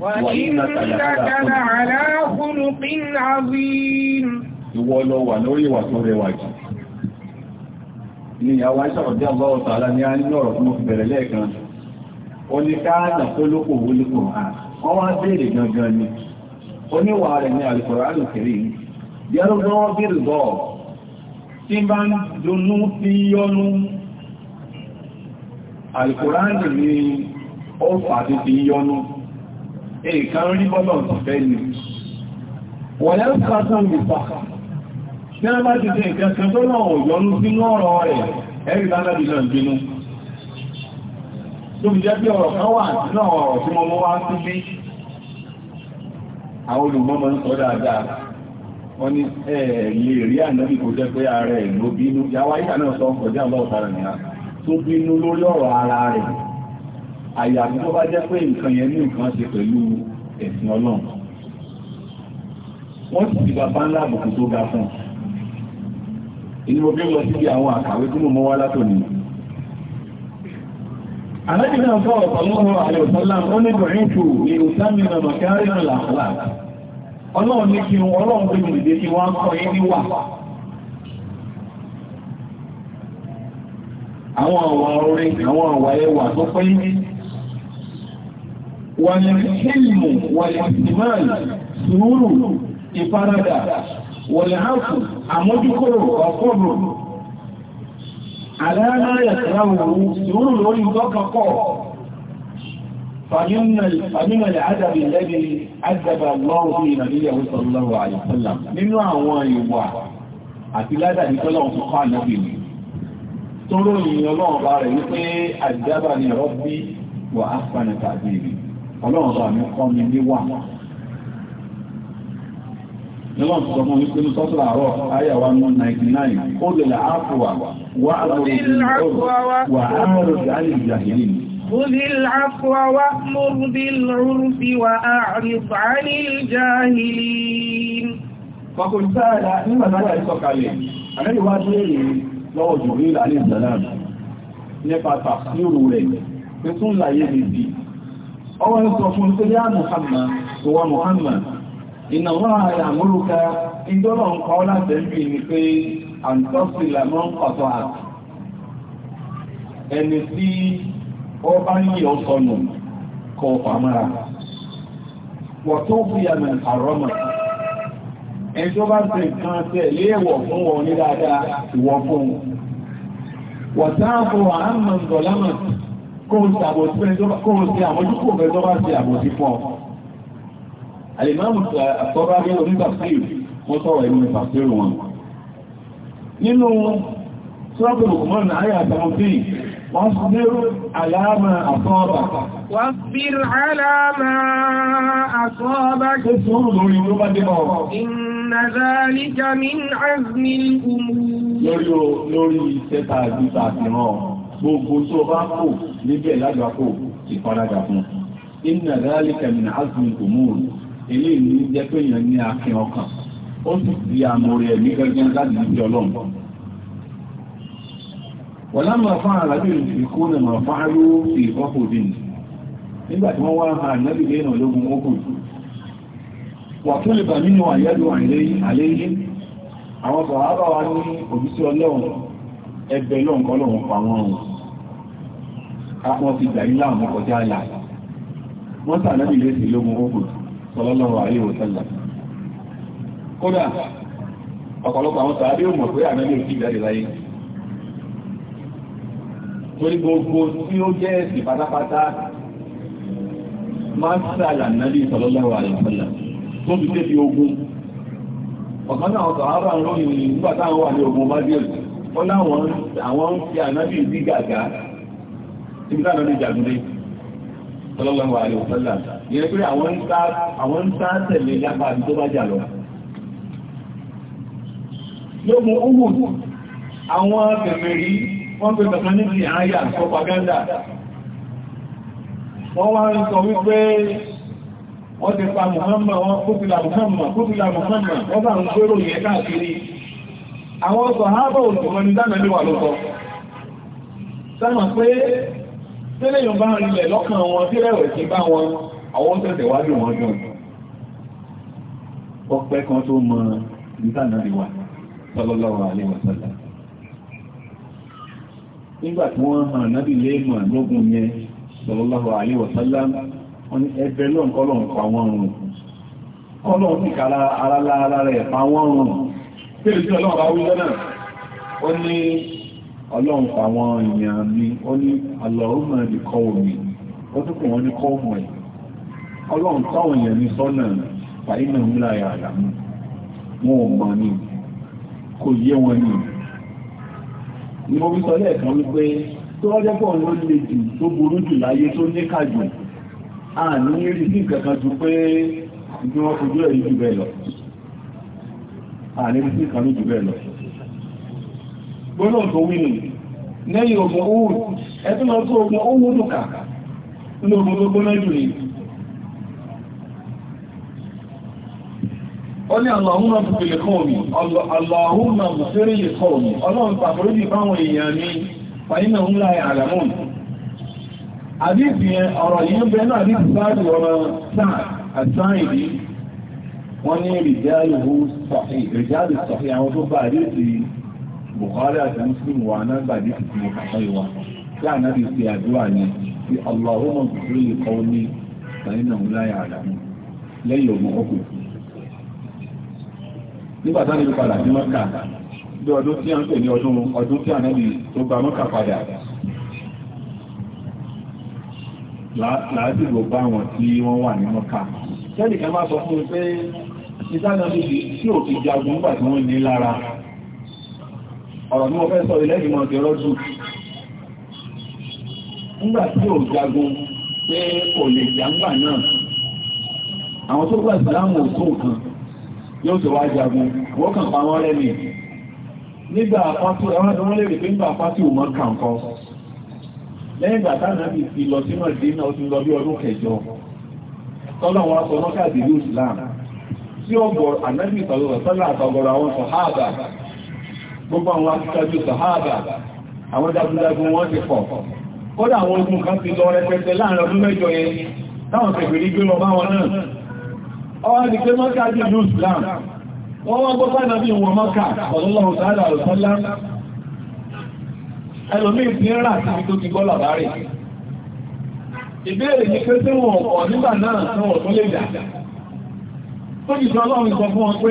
وإنك لعلى خلق عظيم ìwọ lọ wà lórí ìwà tó rẹwà jù ní ìyàwó aṣàròdí àbáwọ̀ tààlà ní a ní ọ̀rọ̀ fún òfin bẹ̀rẹ̀ lẹ́ẹ̀kan o ní káàkà tó lókò wólíkò wọ́n wá bèèrè gangan ni o ní wà rẹ̀ ni nǹkan rí bọ́lọ̀ ti fẹ́ ni wọ̀n yẹ́ sátán nìpa tí a bá ti tẹ nǹkan kan tó náà yọnu sínú ọ̀rọ̀ rẹ̀ ẹ̀rí lánàbí náà bínú tó fi jẹ́ pé ọ̀rọ̀ kan wà nínú ọ̀rọ̀ tí mo mọ́ wá sí bí àwọn olùgbọ́mọ ń sọ dáadáa wọ́n ní ẹ̀ẹ̀lì rí ànábì kò jẹ́ pé ààrẹ ìlú bínú yàwá ìkà náà sọ kọjá lọ́ọ̀tara nìyà tó bínú lórí ọ̀rọ̀ ara rẹ̀ àyàfi tó bá jẹ́ pé nǹkan yẹn ní nǹkan ṣe pẹ̀lú ẹ̀sìn ọlọ́run wọ́n sì ti bàbá ńlá àbùkù tó ga fún inú mo fi lọ síbi àwọn àkàwé tí mo mọ́ wá látòní Àlẹ́bí náà sọ̀rọ̀ sọ̀lọ́rọ̀ àyọ̀sọ́lá ó ní bẹ̀rẹ̀ tù ní òsánmìnà màkárí náà làkàlà. Ọlọ́run ní kí wọ́n ọlọ́run pé ìdè tí wọ́n kọ́ yí ní wà. Àwọn orin, àwọn àwà tó pẹ́ yí wàlẹ̀kílmù wàlẹ̀kìmáàlì sùúrù ìfaradà wàlẹ̀háàfù àmójúkòrò ọ̀kọ́rò aláàrẹ̀ ìtàwòrú sùúrù lórí tọ́kọ̀kọ́ fàmínà àdàbì lẹ́bí àdàbà lọ́wọ́ ìrìnàlẹ́yàwó sọ̀rọ̀lọ́wọ́ àyẹ̀sọ́lá nínú àwọn ìwà àti ládàbí tọ́lọ́wọ́ fún kọ́ ànábìnrin tó rẹ̀ wípé àdábà ni rọ́bí wà á fànà tàbí ọlọ́run bá mi kọ́ mi níwà níwọ̀n tó sọmọ́ wípé ní sọ́tọ̀ àárọ̀ ayàwá 199 ó lè láàpùwà wà áàrùn خذ العفو وأمر بالعرف وأعرض عن الجاهلين فقل سأل مما لا يسوك عليه أنا يواجه لو جبريل عليه ọwọ́ ẹ̀sọ̀ fún tó yá Muhammad tó wá Muhammad iná wọ́n àyà múrúka ìjọ́lọ̀ ń kọ́ láti ẹ̀bí ni pé àǹtọ́sílẹ̀ mọ́ ọ̀tọ̀ àti ẹni tí ó bá ní ọ̀sọ̀nù kọ pàmára wọ́n tó fi àmì àrọ́mà ẹni bá ti kan tẹ̀ léèwọ̀ fún wọn ní dáadáa ìwọ̀ fún wọn wọ́n táàbù kóhun sí àmójúkò rẹ̀ tó bá sí àmójú fún ọ. Àlèmáàmù àtọ́bá rí onígbàfíì wọ́n sọ̀rọ̀ ẹ̀mú ìfàfíìrù wọn. Nínú Sọ́bùrù mọ́ nà áyà àtàmọ́bí, wọ́n sì lérò àlàámà àtọ́ọ̀bà. Wọ́n fi àlàámà àtọ́ọ̀bà. Ṣé sùúrù lórí ló bá dé bọ̀? Inna zalika min Lórí iṣẹ́ tàbí tàbí náà gbogbo tó bá kò níbẹ̀ lágbàkò ìfaradà fún iná dáríkà ní azmi òmùrù ilé ìlú jẹ́ pé èèyàn ní akin ọkàn ó sì di àmọ̀rẹ̀ ẹ̀mí gẹ́gẹ́ láti ní ọlọ́run wọ́n lámà fún àràbí ìkó nà mà fún àrú sí ìkọ́kò dín nígbà tí wọ́n wá ha nábì lẹ́nà lógun ókò wà tó lè bà nínú àyẹ́lú àléyé àwọn bàbá wa ní òbísí ọlọ́run ẹgbẹ́ lọ́nkọ́ lọ́run pa wọ́n wọ́n fi gbà yín láwọn ọkọjá àlà wọ́n tà náà ìrèsì lógun ogun sọlọ́lọ́wọ́ ayé òtẹ́lẹ̀ kódà ọ̀pọ̀lọpọ̀ àwọn sàárè ò pé ànábì ò sí láyé torí gbogbo tí ó jẹ́ pátápátá máa ń sọlọ́lọ́wọ́ ayé òtẹ́lẹ̀ tó tẹ́ níbi táwọn ọdún ìjàgúdé tọ́lọ́lọ́wọ́ àlè òfẹ́lá yẹn pé àwọn ń sá tẹ̀lé lápá àti tó bá jà lọ. lógun ugu àwọn kẹfẹ́ rí wọ́n pè kàkan ní ti àyà propaganda wọ́n wá ń sọ wípé wọ́n ti pa Muhammad wọ́n kúfìlà Muhammad kúfìlà Muhammad wọ́n bá ń gbérò yẹ káàkiri àwọn sọ̀hábà òṣùwọ́n ni dánà tẹ́lẹ̀ yóò bá rinlẹ̀ lọ́kàn wọn tẹ́lẹ̀ rẹ̀ sí bá wọn àwọn tẹ̀sẹ̀ wá dùn wọn jọ ọpẹ́ kan tó mọ nítànà lè wà sallallahu alaihi wasallam nígbà tí wọ́n hàn nábì lé mọ̀ lógun yẹn sallallahu alaihi wasallam wọ́n ní ẹgbẹ́ lọ́n kọ́lọ̀ pa wọ́n rùn kọ́lọ̀ ní kára ara lára rẹ̀ pa wọ́n rùn tẹ́lẹ̀ tí ọlọ́run bá wí lọ́nà ó ní ọlọ́run àwọn èèyàn mi ó ní àlọ́ọ̀mọ̀ ní kọ́ omi ó tún kò wọ́n ní kọ́ èèyàn sọ́nà fàínà ńlá mú wọn ò mọ̀ kò yé wọn ní ni mo fi sọ lẹ́ẹ̀kan wípé tó wájẹ́ pọ̀ ló le jù tó burú jù láyé tó ní kàjù à ní rí sí kankan gbọ́nà tó wí nù lẹ́yìn ogun owó ẹ̀tún lọ tó ogun owó dùkà ní ogun tó gbọ́nà jù ó ní aláhúnmà fìfèlè kọ́ mi aláhúnmà fìfèrè lè kọ́ mi ọlọ́run wọ́n ní rìjáàlù àwọn tó bá Bukhari àti Muslim wà náà gbàdí títí àṣàyíwá tí ànábì fi àdúrà ní tí Allahumma kùtùrú lè kọ́ ní sàyínà ńláyà àdàmú lẹ́yìn ogun ọkùn. Nígbà táwọn ibi padà sí Mọ́kà bí ọdún tí a ń pè ní ọdún ọdún tí ànábì tó gba Mọ́kà padà láàdìgbò bá wọn tí wọ́n wà ní Mọ́kà. Sẹ́ẹ̀dì kan máa sọ fún mi pé ìtànà bíbi tí ò jagun nígbà tí wọ́n ní lára ọ̀rọ̀ ní ọfẹ́ sọ ilẹ̀ ìmọ̀ ìjọrọ̀ jù nígbà tí ò jagun pé kò lè jàǹgbà náà àwọn tó gbà ìsìláàmù òkú nǹkan yóò tó wá jagun wọ́n kàn pa wọ́n lẹ́mìí nígbà pátó ẹwọ́n tó wọ́n lè rí pé nígbà pátó ò mọ́ kàǹkọ́ lẹ́yìn ìgbà táwọn náà fi lọ sí mọ̀dínà ó ti lọ bí ọdún kẹjọ tọ́lọ́wọ́ sọ mọ́kàdínlú ìsìláàmù tí ọgọ̀ ànábì ìtọ́lọ́sọ́lá àtọgọ̀rọ̀ àwọn sọ̀háàbà gbogbo àwọn akíkájú sàhábà àwọn jagunjagun wọ́n ti pọ̀ kódà àwọn ogun kan ti lọ rẹpẹtẹ láàrin ọdún mẹ́jọ yẹn táwọn pẹ̀gbẹ̀rí gbé lọ bá wọn náà ọwọ́ ni pé mọ́ká jù ní Islam wọ́n wá gbọ́ sáà nàbí wọn mọ́ká ọ̀lọ́lọ́run sáàdà àrùsọ́lá ẹlòmíì ti ń rà sí tó ti ni pé tí wọn ọ̀ nígbà náà tí wọn ò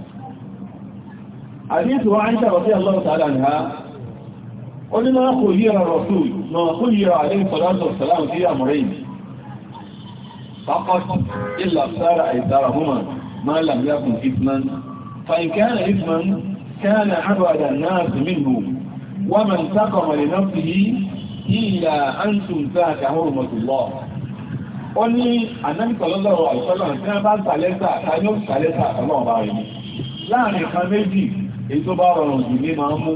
حديث عائشة رضي الله تعالى عنها قلنا خير الرسول ما خير عليه الصلاة والسلام في أمرين فقط إلا اختار أيثارهما ما لم يكن إثما فإن كان إثما كان أبعد الناس منه وما انتقم لنفسه إلا أن تمساك حرمة الله ó ní ànábìtọ̀lọ́lọ́rọ̀ àìsọ́lọ́rùn tí wọ́n bá ń tàlẹ́sà àtàlẹ́ òṣìṣàlẹ́sà àtàlọ́ ọ̀bá rẹ̀ láàrin kan méjì èyí tó bá rọrùn jù ní máa ń mú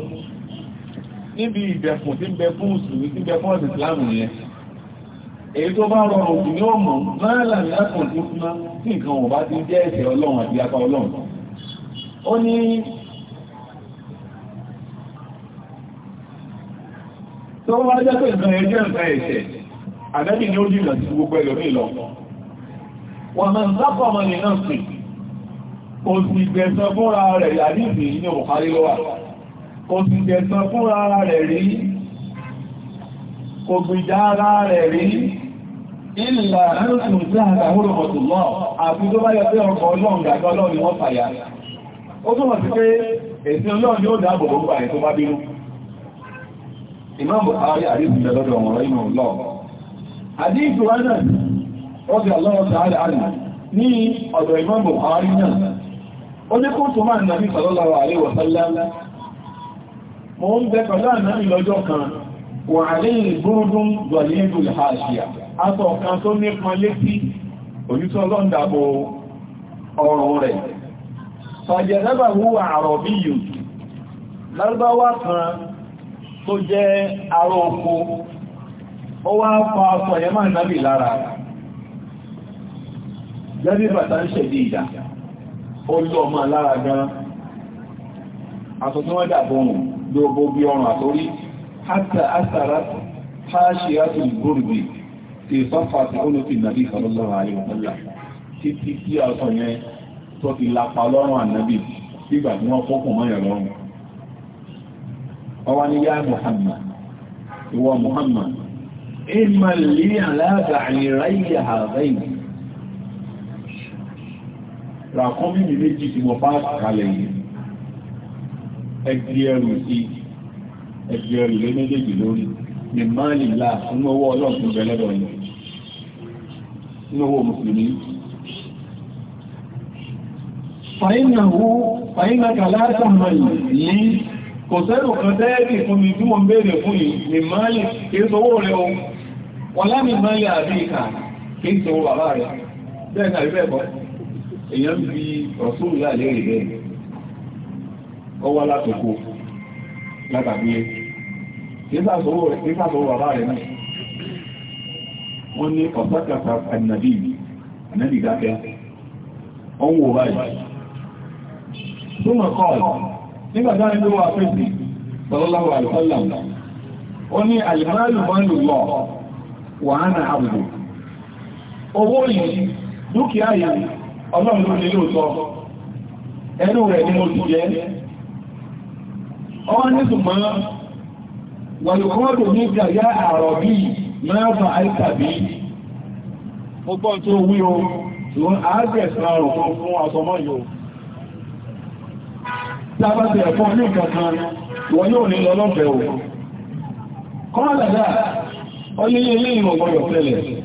níbi ìbẹ̀fùn tí ń bẹ fún ìsìnwé tí ń bẹ fún ọ̀sìn Islam yẹn èyí tó bá rọrùn jù ní ọmọ náírà ní lákùn tó fún tí nǹkan wọn bá ti jẹ́ ẹ̀ṣẹ̀ Ọlọ́run àti apá Ọlọ́run ó ní tó wá jẹ́ pé nǹkan ẹjẹ́ nǹkan àdẹ́bì ni ó jìnà sí gbogbo ẹlòmí lọ wọ́n ń sápọ̀ ọmọ nìyàn sí kò sì gbẹ̀san fúnra rẹ̀ àdíìsì ní òkàrí lọ́wà kò sì gbẹ̀san fúnra rẹ̀ rí kò gbìjà ara rẹ̀ rí ìlà ẹ̀rùsùn tí a àtàhúrò ọ̀tùlọ́ àti tó bá yẹ pé ọkọ̀ ọlọ́run gàgbọ́ ọlọ́run wọ́n fàyà ó túnmọ̀ sí pé èsì ọlọ́run yóò dáàbò gbogbo àyè bá bínú Imam ó ní kó tó máa nàbí sàlọ́láwà àríwọ̀ sálálá mo ń bẹ pẹ̀lú ànábì lọ́jọ́ kan wà àríyìn gúrúdún gbọ̀lẹ́dù ìhàṣíà aṣọ kan tó ní létí òjútọ́ lọ́ndàbò ọrùn rẹ̀ kan oko ó lọ ọmọ lára gan aṣọ tí wọ́n dàbọ̀n gbogbo bí ọrùn àtórí hátà átàrà fáṣí àti ìgbòrùgbì ti sọ́fà tí ó ló fi nàbí ìfọ̀lọ́lọ́rọ̀ àríwọ̀lá títí tí aṣọ yẹn tó fi lapa lọ́rùn ànábì nígbà tí wọ́n fọ́kùn ràkọ́mí mi méjì tí mo bá kalẹ̀ yìí ẹgbẹ́ ẹrù sí ẹgbẹ́ ẹrù lé méjèèjì lórí ní máàlì là fún owó ọlọ́run tó bẹ lọ́dọ̀ yìí nínú owó mùsùlùmí. fàyínà kàláàtà mọ̀lì ní kò sẹ́rù kan dẹ́ẹ̀kì fún mi tí mo ń béèrè fún yìí ní máàlì kìí sọwọ́ rẹ̀ o wọ́n lámì máàlì àbí ìkà kìí sọwọ́ bàbá rẹ̀ bẹ́ẹ̀ èèyàn bí ọ̀sùn láàlẹ́ rẹ̀ bẹ́ẹ̀ ọ wá látòkò látàgbélé nígbàtọ̀wọ̀ bàbá rẹ̀ náà wọ́n ní ọ̀sákàtà ànàbí ànàbí dákẹ́ ọwọ́ báyìí tó mọ̀ nígbàtà ní lówà pèsè sallallahu alaihi owó yìí dúkìá yìí ọlọ́run ló ní ẹnu rẹ̀ ni mo ti jẹ́ ọwọ́n ní ṣùgbọ́n wàlùkọ́dù ní gàyà àrọ̀ bí mẹ́fà àìtàbí ọgbọ́n tó wí o ṣùgbọ́n àágbẹ̀sán láàrùn fún ọ̀sọ̀mọ́ yóò o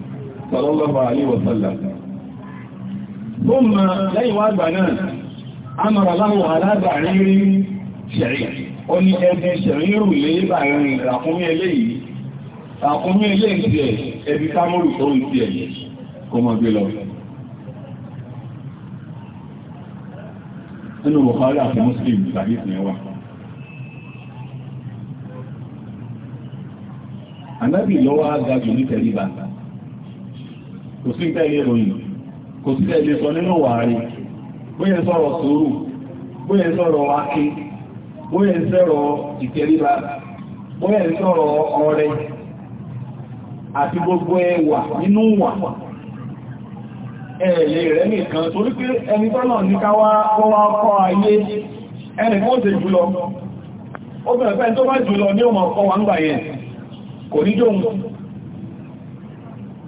sallallahu alaihi wa sallam thumma lẹ́yìn wá gbà náà amara lahu ala ba'iri ṣẹ̀rí ó ní ẹbí ṣẹ̀rí rùlé bàárín ràkúnmí eléyìí ràkúnmí eléyìí ti ẹ̀ ẹbí kámọ́rù tó ń ti ẹ̀ kó Bukhari àti Muslim tàbí ìsìn wà anábì lọ́wọ́ agájù ní tẹ̀lébà kò sí ìtẹ́lẹ̀ ròyìn kò sí ìtẹ́lẹ̀ nínú wà rí bóyẹ sọ̀rọ̀ sùúrù bóyẹ sọ̀rọ̀ akí bóyẹ sọ̀rọ̀ ìtẹríba bóyẹ sọ̀rọ̀ ọrẹ àti gbogbo ẹwà nínú wà ẹ̀lẹ̀ rẹ̀ nìkan torí pé ẹni ní káwá kọ́wá kọ́ ayé ẹni kó jùlọ ó bẹ̀rẹ̀ tó bá jùlọ ní ọmọ ní jóun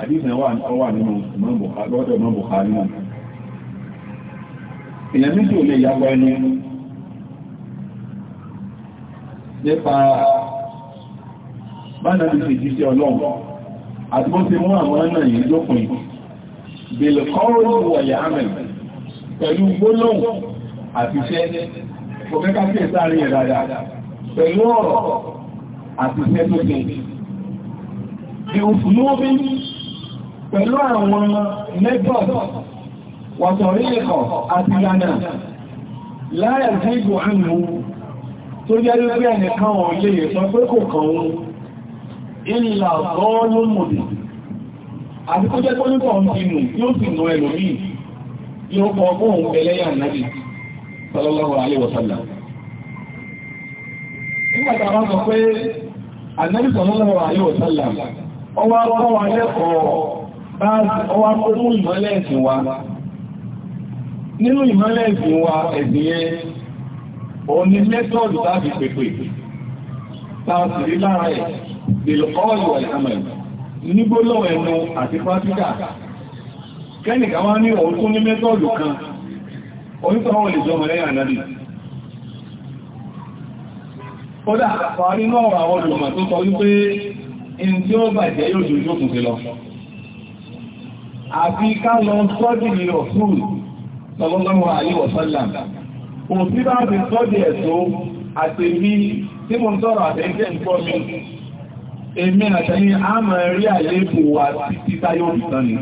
àdísìn wà nínú lọ́dọ̀ mọ́ Bukhari náà èèyàn méjì ò lè yàgbọ́ ẹnu nípa bánàbí ti jí sí ọlọ́run àti bó ti mú àwọn náà yìí lópin bèèrè kọ́rọ̀ wọ̀yà amẹ̀ pẹ̀lú gbólóhùn àti iṣẹ́ ọ̀fẹ́ká sí ẹ̀sáàrí ẹ̀ dáadáa pẹ̀lú ọ̀rọ̀ àti iṣẹ́ tó ṣe pẹ̀lú àwọn method wàtọ̀rí ẹ̀kọ̀ àti ìlànà láyẹ̀ sí ìgbò àmì tó jẹ́ lórí ẹnìkan wọn lè sọ pé kò kàn ìlà gọ́ọ̀lù mòdì àti kó jẹ́ tó ní kọ̀ọ̀mù inú yóò sì nù ẹlòmí yóò kọ ọgbọ́n ẹlẹ́yà nàbì sallallahu alaihi wasallam bá ọwá kó mú ìmọ́lẹ̀ ẹ̀sìn wa nínú ìmọ́lẹ̀ ẹ̀sìn wa ẹ̀sìn yẹn òní mẹ́tọ́ọ̀dù láti pèpè láti rí lára ẹ̀ ìlọ́ọ̀lù àìsàmọ̀ nígbólọ́ ẹnu àti pátíkà kẹ́nìkà wá ní òun tún ní mẹ́tọ́ọ̀dù kan onípa àwọn olè jọmọ̀ lẹ́yìn ànádì kódà parí náà àwọn olùmọ̀ tó sọ wípé in tí ó bàjẹ́ yóò jù ìjókùn sí lọ àfi ká lọ sọ́dì ní ọ̀fún lọ́lọ́lọ́wọ́ àríwọ̀sọ́là kò sí bá ti sọ́dì ẹ̀tọ́ àtèmí tí mo sọ́rọ̀ àtẹ́jẹ́ ìkọ́ mi èmi àtẹ́yìn àmà rí àlébù wa títí táyọ̀ ìtànì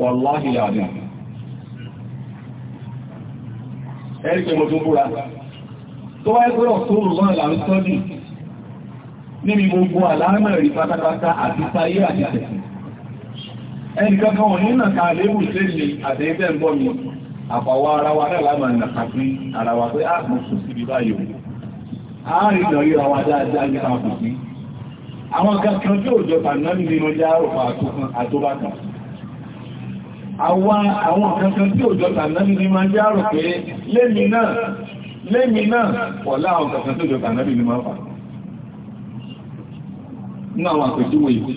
wọ̀láhì àdì ẹ̀rìkẹ́ mo tó búra tó wáyé pé ọ̀tún lọ́nà là ń sọ́dì níbi gbogbo àlámẹ̀rí pátápátá àti táyé àti tẹ̀sìn ẹnìkan kan wọ̀n nínà ká léwù sí mi àtẹ́gbẹ́ ń bọ́ mi àpàwọ̀ ara wa náà lámà nà kàfí ara wa pé àmọ̀ ah, sùn síbi báyìí àárín ìdọ̀rí ra wa dáadáa nípa kò sí àwọn kankan tí òjò pàdánù nínú já òfà àtúbàkà àwọn kankan tí òjò pàdánù nínú máa já rò pé lémi náà lémi náà pọ̀lá àwọn kankan tí òjò pàdánù nínú máa ní àwọn àpèjúwe yìí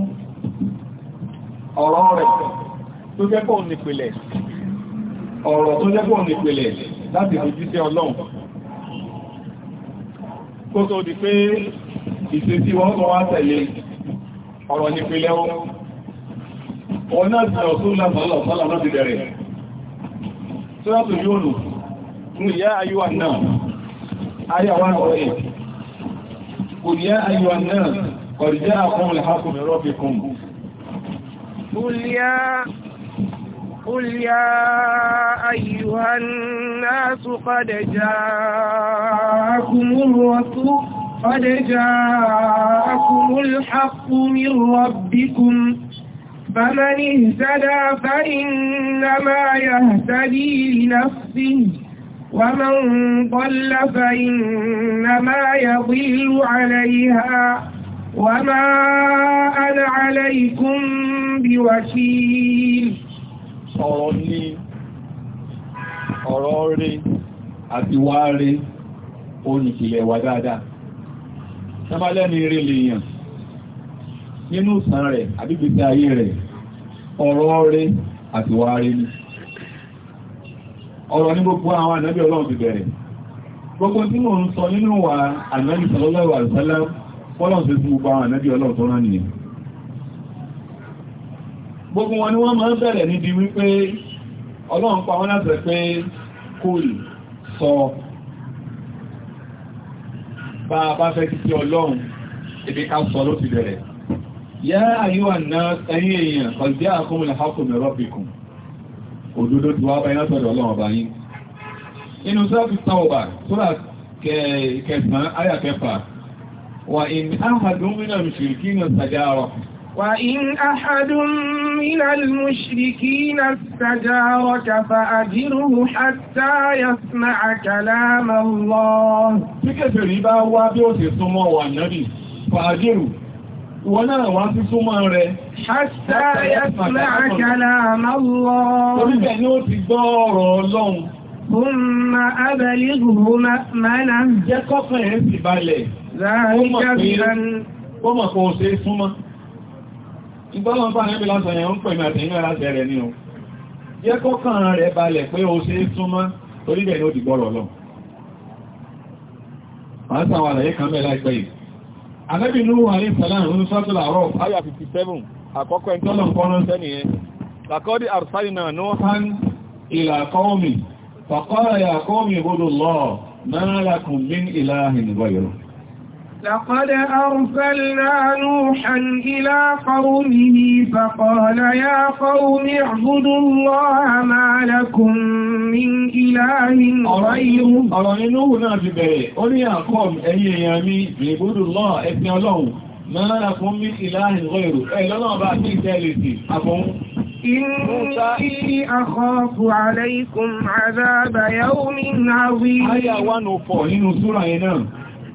ọ̀rọ̀ rẹ̀ tó jẹ́ pọ̀ nípìnlẹ̀ ọ̀rọ̀ tó jẹ́ pọ̀ nípìnlẹ̀ láti fi jíṣẹ́ ọlọ́run kó tó di pé ìṣesí wọn tó wá tẹ̀lé ọ̀rọ̀ nípìnlẹ̀ wọn náà ti ọ̀tún lásọ̀lọ̀ láti bẹ̀rẹ̀ tó yàtò yóò nù fún ìyá ayúwà náà ayàwà ọ̀rẹ́ kò yá ayúwà قل يا قل يا أيها الناس قد جاءكم الرسول قد جاءكم الحق من ربكم فمن اهتدى فإنما يهتدي لنفسه ومن ضل فإنما يضل عليها وما أنا عليكم بوكيل ọ̀rọ̀ ni ọ̀rọ̀ rẹ̀ àti wá rẹ̀ olùkìlẹ̀ wà dáadáa sábálẹ́ni rẹ̀ lèèyàn nínú ìsàn rẹ̀ àbígbèsè ayé rẹ̀ ọ̀rọ̀ rẹ̀ àti wá rẹ̀ ni ọ̀rọ̀ ní gbogbo àwọn ànábì ọlọ́run ti bẹ̀rẹ̀ gbogbo tí mò ń sọ nínú wa ànábì sallallahu alaihi wasallam fọ́lọ́n sí gbogbo àwọn ànábì ọlọ́run tó rán nìyẹn gbogbo wọn ni wọ́n máa ń bẹ̀rẹ̀ níbi wípé ọlọ́run pa wọ́n láti pé kòl sọ bá bá fẹ́ títí ọlọ́run tí wá bá iná sọ̀rọ̀ ọlọ́run ọba yín inú sọ́ọ̀tù ọba tó rà kẹsàn-án وإن أحد من المشركين استجارك وإن أحد من المشركين استجارك فأجره حتى يسمع كلام الله فكرة ربا وابيوتي ثم والنبي فأجره wọ́n náà wá sí súnmọ́ rẹ̀. Hatta yasma'a kalam Allah. Oríbẹ̀ ni ó ti gbọ́ ọ̀rọ̀ Ọlọ́run. Thumma ablighu ma'mana. Jẹ́ kọ́kàn ẹ̀ sì balẹ̀. Jẹ́ kọ́kàn rẹ̀ balẹ̀ pé o ṣe súnmọ́ orílẹ̀ ní ó ti gbọ́rọ̀ lọ. Màá sàwà àlàyé kan mẹ́lá ìpẹ́ yìí. Ànábì Nuhu alayhi salam ń sọ́tùlà rọ̀. Ayà 57, àkọ́kọ́ ìtọ́lọ̀ kọ́rọ̀ sẹ́niyẹ. Làkọ́dí àrùsáyìnà Nuhan ìlà qawmi, faqala ya qawmi ibudullaha ma lakum min ilahin ghayruh. لقد أرسلنا نوحا إلى قومه فقال يا قوم اعبدوا الله ما لكم من إله غيره ọ̀rọ̀ inú náà ti bẹ̀rẹ̀ ó ní àkọ́m ẹ̀yẹ ìyàmí ìbúdù lọ́ọ̀ ẹ̀sìn ọlọ́run máa lákún mí ìlàhìn rẹ̀rù ẹ̀ lọ́nà bá ní ìtẹ́lẹ̀sì àfún Inni akhafu alaykum azaba yawmin azim. Aya 104 nínú súra yẹn náà.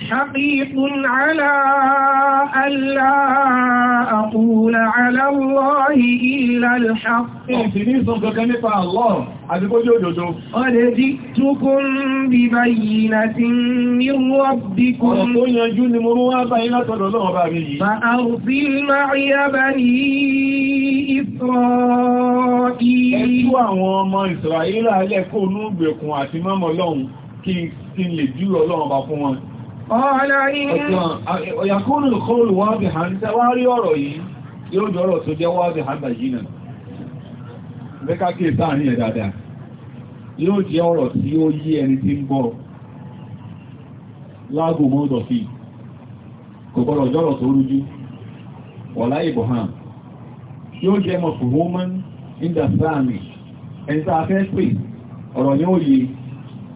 حقيق على ألا أقول على الله إلا الحق قد جئتكم ببينة من ربكم فأرسل معي بني إسرائيل Ẹjú àwọn ọmọ Ìsìràílà ẹlẹ́kọ̀ọ́ ní ìgbèkùn àti mọ́mọ́ lọ́hun kí n lè jú Ọlọ́run bá fún wọn. Ọ̀yàkúnù kọlù wábì hàn yóò jọ tó jẹ́ wábì hàn bàjí náà. Bẹ́ká kí ìsáà ní yóò jẹ́ ọ̀rọ̀ tí ó yí ẹni tí ń bọ̀ lágùn mọ́dọ̀ fi kò gbọ́rọ̀ tó rújú yóò jẹ́ mọ̀ fún woman in the family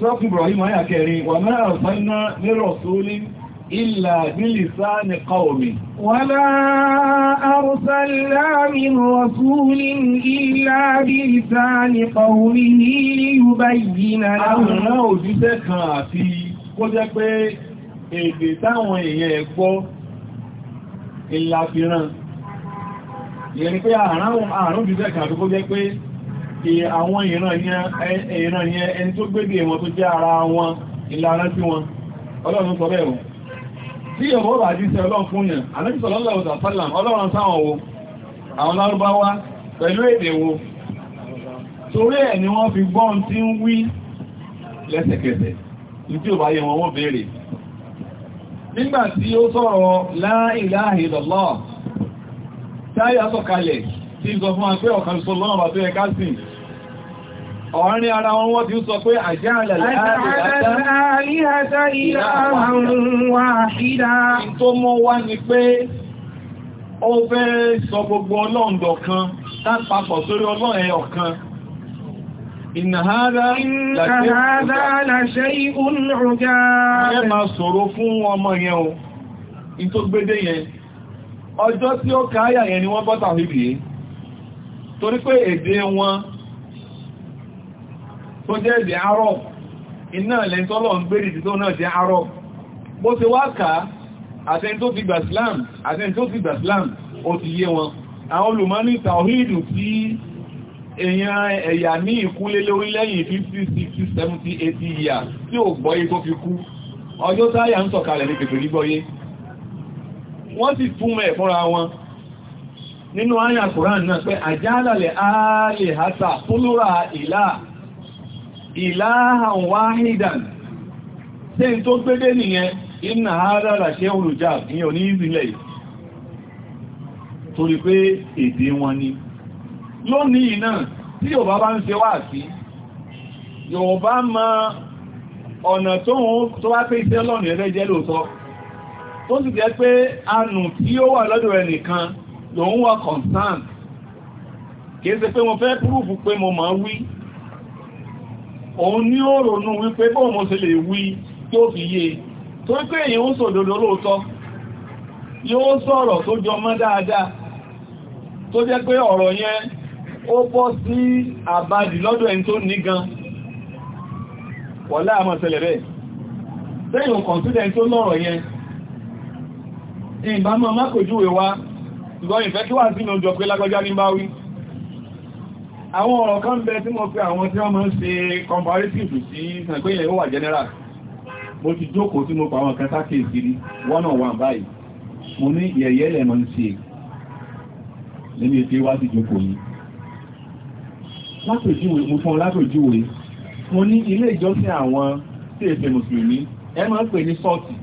sọ́kù Ibrahim ayà kẹrin wà máa àfẹ́ná lérò sólí ìlà nílìsá ní kọ́ọ̀mì wọ́lá àrùsàlá min rasúlì ìlà nílìsá ní kọ́ọ̀mì ní yúbá ìyínà láwọn òjíṣẹ́ kan àti kó jẹ́ pé èdè táwọn èèyàn ẹ̀gbọ́ ìlàfíran yẹni pé àrùn òjíṣẹ́ kan àti kó jẹ́ pé àwọn ìran yẹn ẹni tó gbédè wọn tó jẹ́ ara wọn ìlànà sí wọn ọlọ́run sọ bẹ́ẹ̀ wọn tí ọmọ ọ̀rọ̀ àdíṣẹ́ ọlọ́run fún yàn alẹ́bìsọ̀lọ́lọ́ ọ̀sàfàlà ọlọ́run sáwọn wo àwọn lárúbáwá pẹ̀lú èdè wo torí ẹ̀ ni wọ́n fi gbọ́n tí ń wí lẹ́sẹ̀kẹsẹ̀ tí ó wọ́n béèrè nígbà ó sọ̀rọ̀ la ilaha illallah táyà sọ̀kalẹ̀ tí ń sọ fún wa pé ọ̀kan ọ̀rin ara wọn wọ́n ti sọ pé àjáàlẹ̀ láàrín Ìnà hádá làṣẹ́ ìhùn rọ̀gá rẹ̀. máa sọ̀rọ̀ fún ọmọ yẹn o, in tó gbédé yẹn. Ọjọ́ tí ó káyà yẹn ni wọ́n bọ́ta torí pé èdè wọn tó jẹ́ èdè arab iná lẹ́ntọ́lọ̀ ń gbèrè tó náà jẹ́ arab bó ti wá ká àtẹni islam àtẹni tó islam ó ti yé wọn àwọn olùmọ́ní tàwíìdù tí èèyàn ẹ̀yà ní ìkúlé lórí lẹ́yìn 50 60 70 80 years tí ò gbọ́yé tó fi kú ọjọ́ táyà ń sọ̀kalẹ̀ ní pẹ̀pẹ̀ nígbọ́yé wọ́n sì fún mẹ́ fúnra wọn nínú àyà Kùránì náà pé àjálàlẹ̀ ààlè hátà fúlúra ìlà ìláhàn wáhídàn tí tó gbédé nìyẹn iná àádára ṣe olùjá ní òní ìzìnlẹ̀ torí pé èdè wọn ni lónìí náà tí Yorùbá bá ń se wá sí Yorùbá ma ọ̀nà tó wá pé iṣẹ́ lọ́nà ẹ̀rẹ́ jẹ́ lóòtọ́ tó sì jẹ́ pé anù tí ó wà lọ́dọ̀ lòun òun ní ó ronú wípé bóò mo lè wí tí ó fi yé e. tó pé èyí ó sòdodo lóòótọ́ yóò sọ̀rọ̀ tó jọ mọ́ dáadáa tó jẹ́ pé ọ̀rọ̀ yẹn ó bọ́ sí àbádì lọ́dọ̀ ẹni tó ní gan wọ́lá àmọ́ àwọn ọ̀rọ̀ kan bẹ tí mo fi àwọn tí wọ́n máa ń ṣe comparative sí sàpé ilẹ̀ ó wà general mo ti jókòó tí mo pa àwọn kẹta kéèsì rí one on one báyìí mo ní yẹ̀yẹ́ lẹ̀ mọ́ ń ṣe lẹ́nu wá sí jókòó yìí látòjúwe mo ní ilé ìjọsìn àwọn tí èsè mùsùlùmí ẹ máa pè ní sọ́ọ̀tì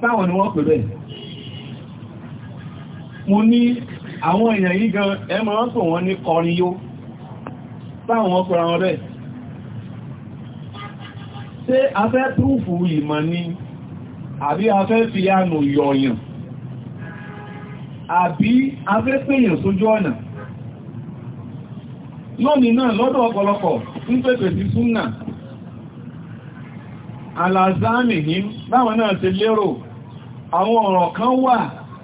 táwọn ni wọ́n pè bẹ́ẹ̀ mo ní àwọn èèyàn yìí gan ẹmọ ní kọrin yó táwọn wọ́n pẹ̀rọ wọn bẹ́ẹ̀ ṣé a fẹ́ ìmọ̀ àbí a fẹ́ fi yọ̀yàn àbí a fẹ́ pèèyàn sójú ọ̀nà lónìí náà lọ́dọ̀ ọ̀pọ̀lọpọ̀ ń sí ní báwọn náà ti lérò àwọn kan wà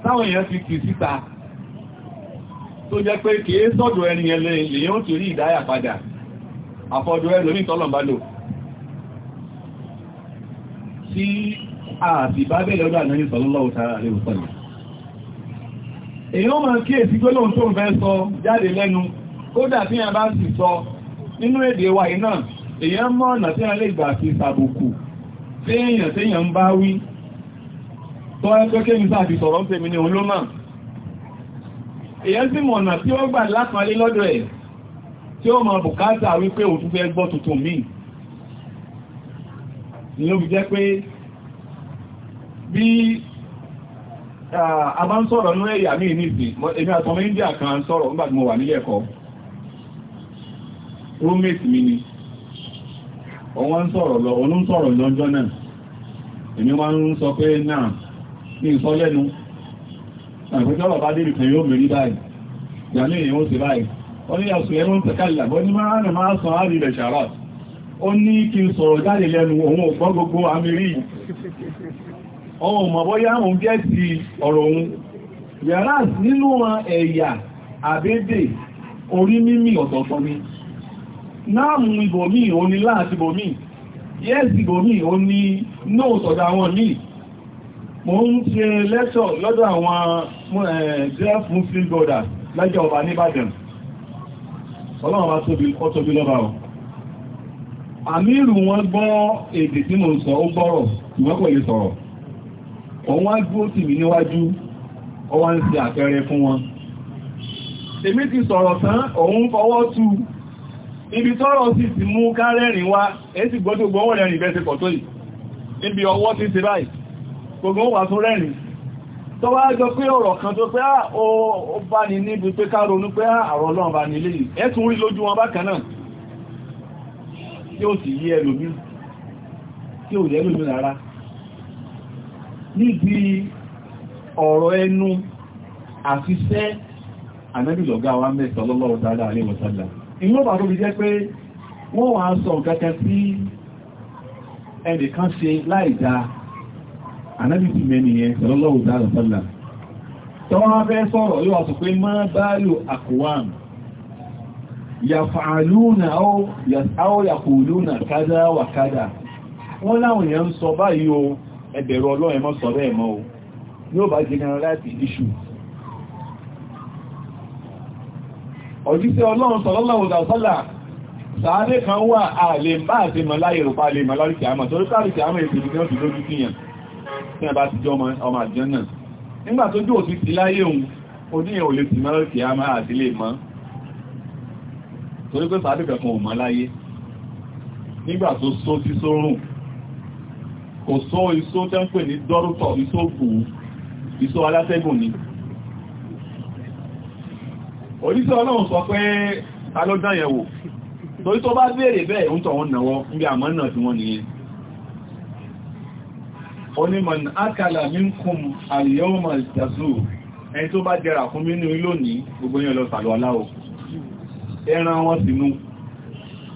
táwọn èèyàn ti kì síta tó jẹ́ pé kìí sọ́dọ̀ ẹni ẹlẹ́ èyàn ti rí ìdáyà padà àfọ́dọ̀ ẹ lórí tọ́lọ̀mbálò tí a ti bá bẹ̀rẹ̀ ọdọ̀ ànáyí sallallahu alaihi wasallam èyàn máa kíyèsí gbólóhùn tó ń fẹ́ sọ jáde lẹ́nu kódà tí a bá sì sọ nínú èdè wa iná èyàn mọ́ ọ̀nà tí a lè gbà fi sàbùkù tí èyàn tí èyàn ń bá wí tọ́ ẹgbẹ́ kéyìn sáà ti sọ̀rọ̀ ń tèmi ní olómà èyàn sí mọ̀nà tí ó gbà lápàálé lọ́dọ̀ ẹ̀ tí ó máa bùkátà wípé òtún fẹ́ gbọ́ tuntun míì ni ó fi jẹ́ pé bí a bá ń sọ̀rọ̀ ní ẹ̀yà mí nìsìn èmi àtọmọ India kan sọ̀rọ̀ nígbà tí mo wà ẹ̀kọ́ roommate mi ni ọwọ́n lọ àgbẹ̀tọ́rọ̀ bá débì kan yóò mẹ́rí báyìí ìyàmí èèyàn ó sì báyìí ó ní ọ̀sùn ẹ̀rọ ń tẹ́kàlà bọ́ ní máa rẹ̀ máa sọ àrí ilẹ̀ ṣàrá ó ní kí n sọ̀rọ̀ jáde lẹ́nu òun ò gbọ́ gbogbo àmìrí ọmọ mọ̀ bóyá òun jẹ́ ti ọ̀rọ̀ òun yàrá nínú ẹ̀yà àbédè orí mímì ọ̀tọ̀ọ̀tọ̀ ni náàmù ibòmí òun ni láàtibòmí yẹ́sì ibòmí òun ni nóòtọ̀dà wọn míì mo ń ṣe lẹ́ṣọ̀ lọ́dọ̀ àwọn draft eh, muslim brothers lẹ́jọ́ ọba nìbàdàn ọlọ́run bá tóbi lọ́ba ọ̀ àmírù wọn gbọ́ èdè tí mo sọ ó gbọ́rọ̀ ìwọ́n kò lè sọ̀rọ̀ òun wá dúró tì mí níwájú ó wá ń ṣe àpẹẹrẹ fún wọn èmi ti sọ̀rọ̀ tán òun fọwọ́ tú ibi tọ́rọ̀ sì ti mú kárẹ́rìn wá èyí sì gbọ́dọ̀ gbọ́wọ́ rẹ̀ rìn bẹ́ẹ̀ ti pọ̀ tó yìí níbi ọwọ́ ti ti báyìí gbogbo wà tún rẹ̀rìn tó wá jọ pé ọ̀rọ̀ kan tó pé ah, ó bá ní níbi pé ká ronú pé ah, àrọ̀ Ọlọ́run bá ní léyìn ẹ̀tún rí lójú wọn bákan náà tí ó sì yí ẹlòmí tí ó yẹ́lòmí rárá níbi ọ̀rọ̀ ẹnu àfiṣẹ́ ànẹ́bìlọ̀gá wa mẹ́ta lọ́lọ́rọ̀ dáadáa alẹ́ wọ̀sálà inú ọ̀bà tó fi jẹ́ pé wọ́n wà sọ nǹkan kan ẹnìkan ṣe láìdáa anábì ti mẹ́ni yẹn sallallahu ta'ala sallam tọ́wọ́n fẹ́ sọ̀rọ̀ yóò sọ pé má báàlù àkùwàm yàfààlúnà áó yàkùlúnà kádà wà kádà wọ́n láwọn èèyàn sọ báyìí o ẹbẹ̀rọ ọlọ́run mọ́ sọ bẹ́ẹ̀ mọ́ o yóò bá generalize issue ọ̀jíṣẹ́ ọlọ́run sallallahu ta'ala sallam sàárẹ́ kan wà àlè bá àti mọ̀láyẹ̀ rùpa lè mọ̀lá tí wọ́n bá ti jẹ́ ọmọ àjẹ́nà nígbà tó jò sí sí láyé òun ó ní ò lè sì mọ́ kí a máa àti lè mọ́ torí pé sàádì kankan ò mọ́ láyé nígbà tó só sí sórùn kò só iṣó tẹ́ ń pè ní dọ́rùtọ̀ iṣó kù iṣó alátẹ́gùn ni oníṣẹ́ ọlọ́run sọ pé ta ló dán yẹ̀wò torí tó bá béèrè bẹ́ẹ̀ ń àmọ́ náà tí wọ́n nìyẹn onímọ̀n ákàlà mínkùn àríyọ́mọ̀ ìjàzú ẹni tó bá jẹrà fún mínú lónìí gbogbo yẹn lọ sàlọ̀ aláwò ẹran wọn sì nú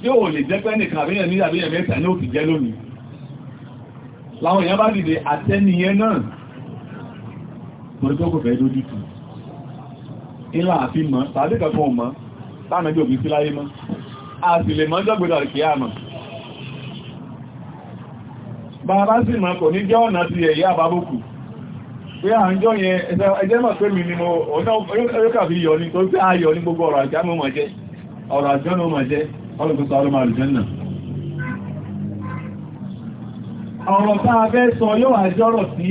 yóò lè jẹ́ pẹ́ nìkan àbíyàn ní àbíyàn mẹ́ta ní òkè jẹ́ lónìí láwọn èèyàn bá dìde àtẹ́niyẹ náà mọ̀rítọ́ kò fẹ́ dójú bàbá sì ma kò ní jẹ́ ọ̀nà ti ẹ̀yà àbábòkù pé à ń jọ yẹn ẹjẹ́ pé mi ni mo ọ̀nà fi yọ ni tó pé ayọ̀ ní gbogbo ọ̀rọ̀ àjá mọ̀ jẹ́ ọ̀rọ̀ àjọ́ ní mọ̀ jẹ́ ọlọ́gbọ́sọ ọlọ́mọ àlùjẹ́nà ọ̀rọ̀ tá fẹ́ sọ yóò àjọ́rọ̀ sí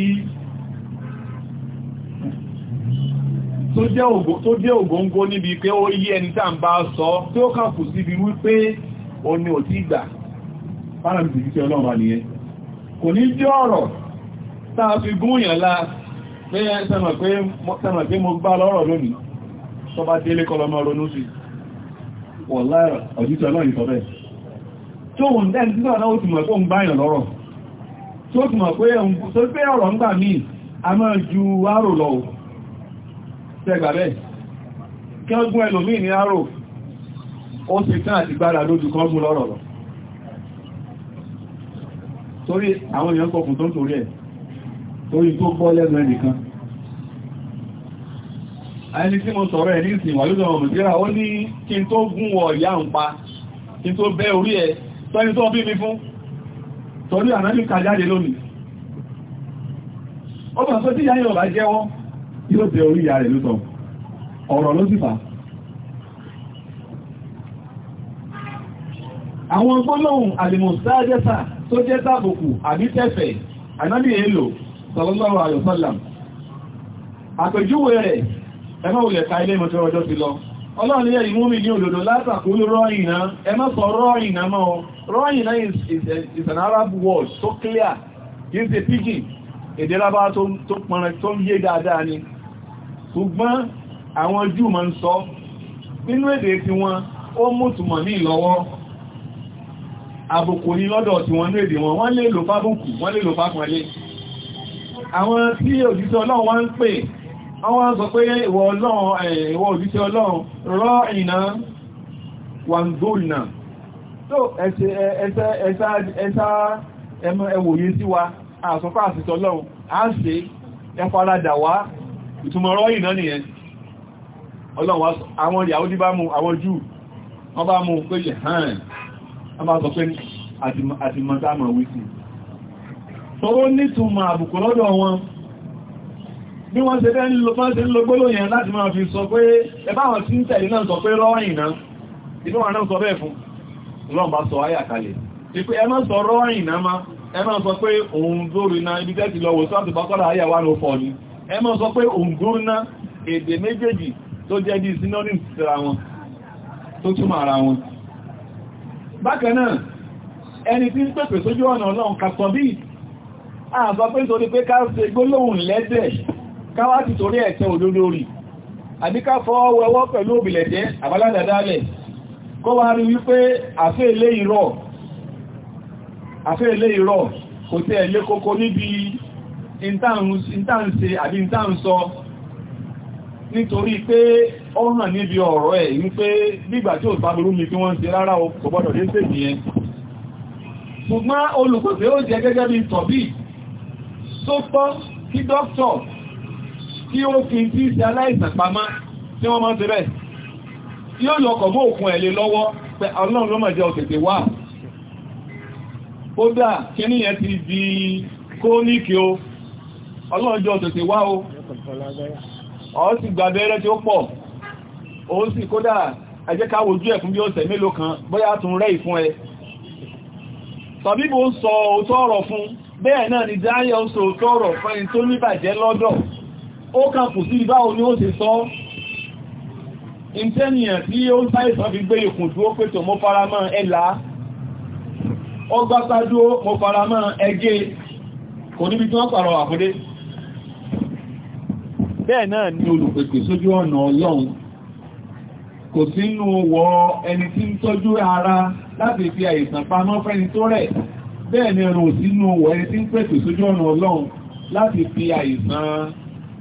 tó jẹ́ ògóngó níbi pé ó yí ẹni tá ń bá sọ tí ó kàkù síbi wípé kò ní jẹ́ ọ̀rọ̀ táa fi la pé ẹ pé mo gbá lọ́rọ̀ lónìí tó bá délé kọlọmọ ronú sí wọ̀ láàrọ̀ ọ̀dítọ̀ náà ìtọ̀bẹ̀ tó wùn dẹ́n tí náà ó ti mọ̀ pé gbáyàn lọ́rọ̀ tó ti mọ̀ pé ọ̀rọ̀ míì a máa ju àrò lọ tẹ́gbà bẹ́ẹ̀ kí ẹlòmíì ní ó ti tán àti kan gún lọ́rọ̀ torí àwọn èèyàn kọkùn tó ń torí ẹ̀ torí tó gbọ́ lẹ́nu ẹnìkan ẹni tí mo sọ̀rọ̀ ẹ̀ ní ìsìn wà lójú ọmọ mùsíra ó ní kí n tó gún wọ ìyá ń pa kí n tó bẹ́ orí ẹ̀ tọ́ni tó bí mi fún torí ànájú kàjáde lónìí ó bà sọ tí ìyá tó jẹ́ tàbùkù àbí tẹ́fẹ̀ ànábì èlò sallallahu alaihi wasallam àpèjúwe rẹ̀ ẹmọ́ olè ka ilé ìmọ̀tẹ́ ọjọ́ ti lọ ọlọ́run ilẹ̀ ìmúmi ní òdòdó látàkúrú rọ́ìnà ẹmọ́ sọ rọ́ìnà mọ́ rọ́ìnà is an Arab word so clear is a pidgin èdè lábá tó pọnrẹ tó yé dáadáa ni ṣùgbọ́n àwọn Júù máa ń sọ nínú èdè tiwọn ó mú tùmọ̀ ní ìlọ́wọ́ àbùkù ní lọ́dọ̀ tí wọ́n ní èdè wọn wọ́n lè lò fábùkù wọ́n lè lò fápọ̀lé àwọn tí òjíṣẹ́ ọlọ́run wá ń pè wọ́n sọ pé ìwọ òjíṣẹ́ ọlọ́run rọ́ ìná wàndóòlìnà tó ẹ̀sá ẹwòye sí wa àsọpá àsìsọ ọlọ́run a ń ṣe ẹfaradà wá ìtumọ̀ rọ́ ìná nìyẹn ọlọ́run àwọn Yàhúdí bá mú àwọn Júù wọ́n bá mú pé hàn a máa sọ pé àti mọ́tàmà wíkì tọrọ nítùmọ̀ àbùkù lọ́dọ̀ wọn bí wọ́n ṣe fẹ́ nílò gbólóyìn láti máa fi sọ pé ẹbáwọn tí ń tẹ̀lé náà sọ pé rọ́ọ̀yìn náà inú wọn náà sọ bẹ́ẹ̀ fún lọ́n bá sọ ayà kalẹ̀ ti pé ẹmọ́ sọ rọ́ọ̀yìn náà má ẹmọ́ sọ pé òun dórí náà ibi tẹ́tì lọ wò sọ́ọ̀tì bákọ́lá ayà wà ló fọ́ ni ẹmọ́ sọ pé òun dórí náà èdè méjèèjì tó jẹ́ bí synonyms síra wọn tó túmọ̀ ara wọn bákan náà ẹni tí ń pèpè sójú ọ̀nà ọlọ́run kàtọ̀ bí àbá pé nítorí pé ká ṣe gbólóhùn lẹ́dẹ̀ káwá ti torí ẹ̀tẹ́ òdodo rì àbí ká fọ́ wẹwọ́ pẹ̀lú òbìlẹ̀jẹ́ àbáládàdálẹ̀ kó wá rí wípé àfẹ́ ilé ìrọ̀ àfẹ́ ilé ìrọ̀ kò tẹ́ ẹ̀lé kókó níbi ìntàǹsẹ àbí ìntàǹsọ nítorí pé ó hàn níbi ọ̀rọ̀ ẹ̀ wípé nígbà tí ò sáburú mi tí wọ́n ń ṣe rárá o kò gbọ́dọ̀ dé sí ìyẹn ṣùgbọ́n olùkòsè ó jẹ gẹ́gẹ́ bí tọ̀bí tó tọ́ kí dókítọ̀ tí ó fi tí ṣe aláìsàn pamá tí wọ́n mọ́ sí rẹ̀ tí ó lọ kọ̀ mọ́ òkun ẹ̀lẹ́ lọ́wọ́ pẹ̀ ọlọ́run ló mọ̀ jẹ́ òtètè wà kódà kíní yẹn ti di o ọlọ́run jẹ́ òtètè wà o ó sì gba abẹ́rẹ́ tí ó pọ̀ òun sì kódà ẹjẹ́ ká wojú ẹ̀ fún bí ọ̀sẹ̀ mélòó kan bóyá tún rẹ̀ ìfún ẹ tọ̀bíbò ń sọ òótọ́ ọ̀rọ̀ fún bẹ́ẹ̀ náà ni dáyẹ̀ ń sọ òótọ́ ọ̀rọ̀ fún ẹni tó níbàjẹ́ lọ́dọ̀ ó kàn kù sí ibáwo ni bẹ́ẹ̀ náà ni olùpèpè sójú ọ̀nà ọlọ́run kò sínú wọ ẹni tí ń tọ́jú ara láti fi àìsàn pamọ́ fẹ́ni tó rẹ̀ bẹ́ẹ̀ ni ọ̀rọ̀ sínú wọ ẹni tí ń pètò sójú ọ̀nà ọlọ́run láti fi àìsàn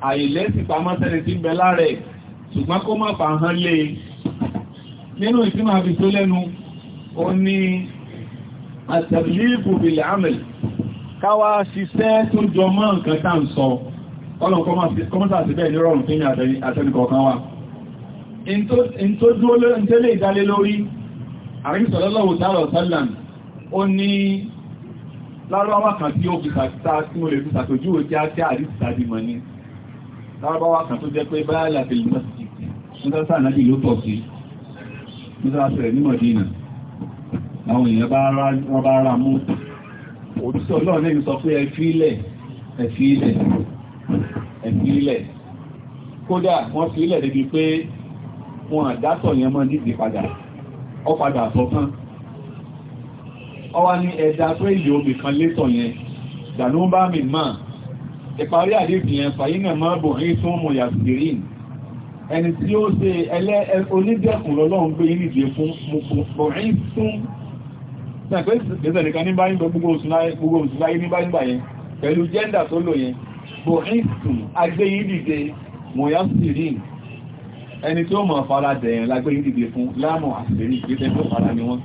àìlẹ́sì pamọ́ sẹ́ni tí ń bẹ láàrẹ̀ ṣùgbọ́n kó má pa hàn lé e. nínú ìsinmi àfi tó lẹ́nu ó ní àtẹ̀lẹ́bù bìlẹ̀ àmìlì káwá ṣiṣẹ́ tó jọ mọ́ nǹkan tá ń sọ ọlọ́run kọ́mọ́sà síbẹ̀ nírọ̀rùn fún àtẹnikọ̀ọ̀kan wa in tó dúó lórí tẹ́lẹ̀ ìdálé lórí àrísọ̀lọ́lọ́wò tààrọ̀ sálàm ó ní lárọ́wà kan tí ó fi sàtà tí ó lè fi sàtòjú ò já tí àrísàdì mọ̀ ní lárọ́wà kan tó jẹ́ pé báyàlà fi lè mọ́sí kódà wọ́n fi ilẹ̀ débi pé wọn àdásọ̀ yẹn mọ́ nídìí padà ọ padà sọ́kán ọ wá ní ẹ̀dá tó èyí omi kan létọ̀ yẹn dànù bá mi máa ìparí àdébì yẹn fàyínà máa bò ní tó mọ̀ yàtìrìn ẹni tí ó ṣe ẹlẹ́ onídẹ̀kùn lọ́lọ́run gbé nídìí fún mọ̀kùnrin tún pẹ̀lú ẹ̀nìkan ní báyìí gbogbo oṣù láyé ní báyìí báyìí pẹ̀lú jẹ́ndà tó lò yẹn bò ní tún agbé yìí dìde mọ̀ ẹni tí ó mọ̀ fara dẹ̀yìn lágbé ìdìde fún láàmù àtìlẹ́yìn ìgbésẹ̀ tó fara ni wọ́n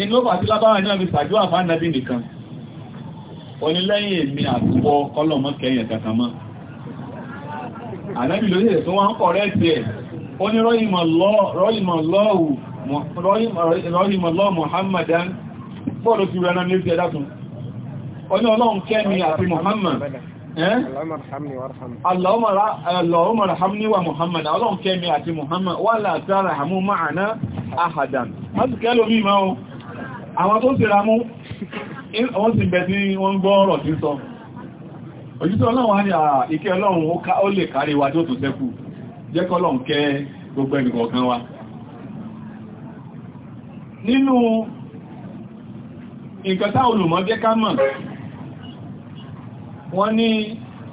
inú pàtí lábára náà fi sàjọ́ àfánàbí nìkan onílẹ́yìn èmi àtúwọ kọlọ̀mọ́ kẹyìn kankan ànábì ló yẹ̀ tó wọ́n kọ̀ rẹ̀ tiẹ̀ ó ní rọ́yìmọ̀lọ́ Muhammadan اللهم ارحمني ومحمد wa Muhammad ولا ترحموا معنا أحدا ما تكالو ma o àwọn tó ṣe ramú wọ́n sì gbo tí wọ́n gbọ́ ọ̀rọ̀ tí sọ òjútọ́ ọlọ́run á ní àà ìkẹ́ ọlọ́run ó lè kárí wa tó tó gbogbo wa wọ́n ní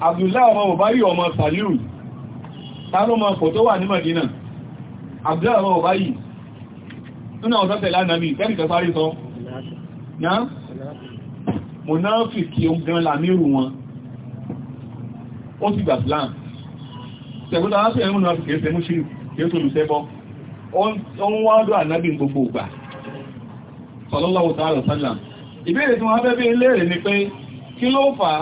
Abdullahi ọmọ Ubayy ọmọ Salul tánú ma fò tó wà ní Madina Abdullahi ọmọ Ubayy nínú ọ̀tọ́ tẹ̀lá nàbí kẹ́rìkẹ́ sáré sọ na monafiki gan lamiru wọn ó sì gbà Islam tẹ̀gbọ́ta wá sí ẹ̀rùn monafiki ẹsẹ̀ mú sí ẹ̀sọ́ olùsẹ́bọ́ ó ń wádọ́ ànábì gbogbo ìgbà sallallahu ta'ala sallam ìbéèrè tí wọ́n fẹ́ bí ilé rẹ̀ ni pé kí ló fà á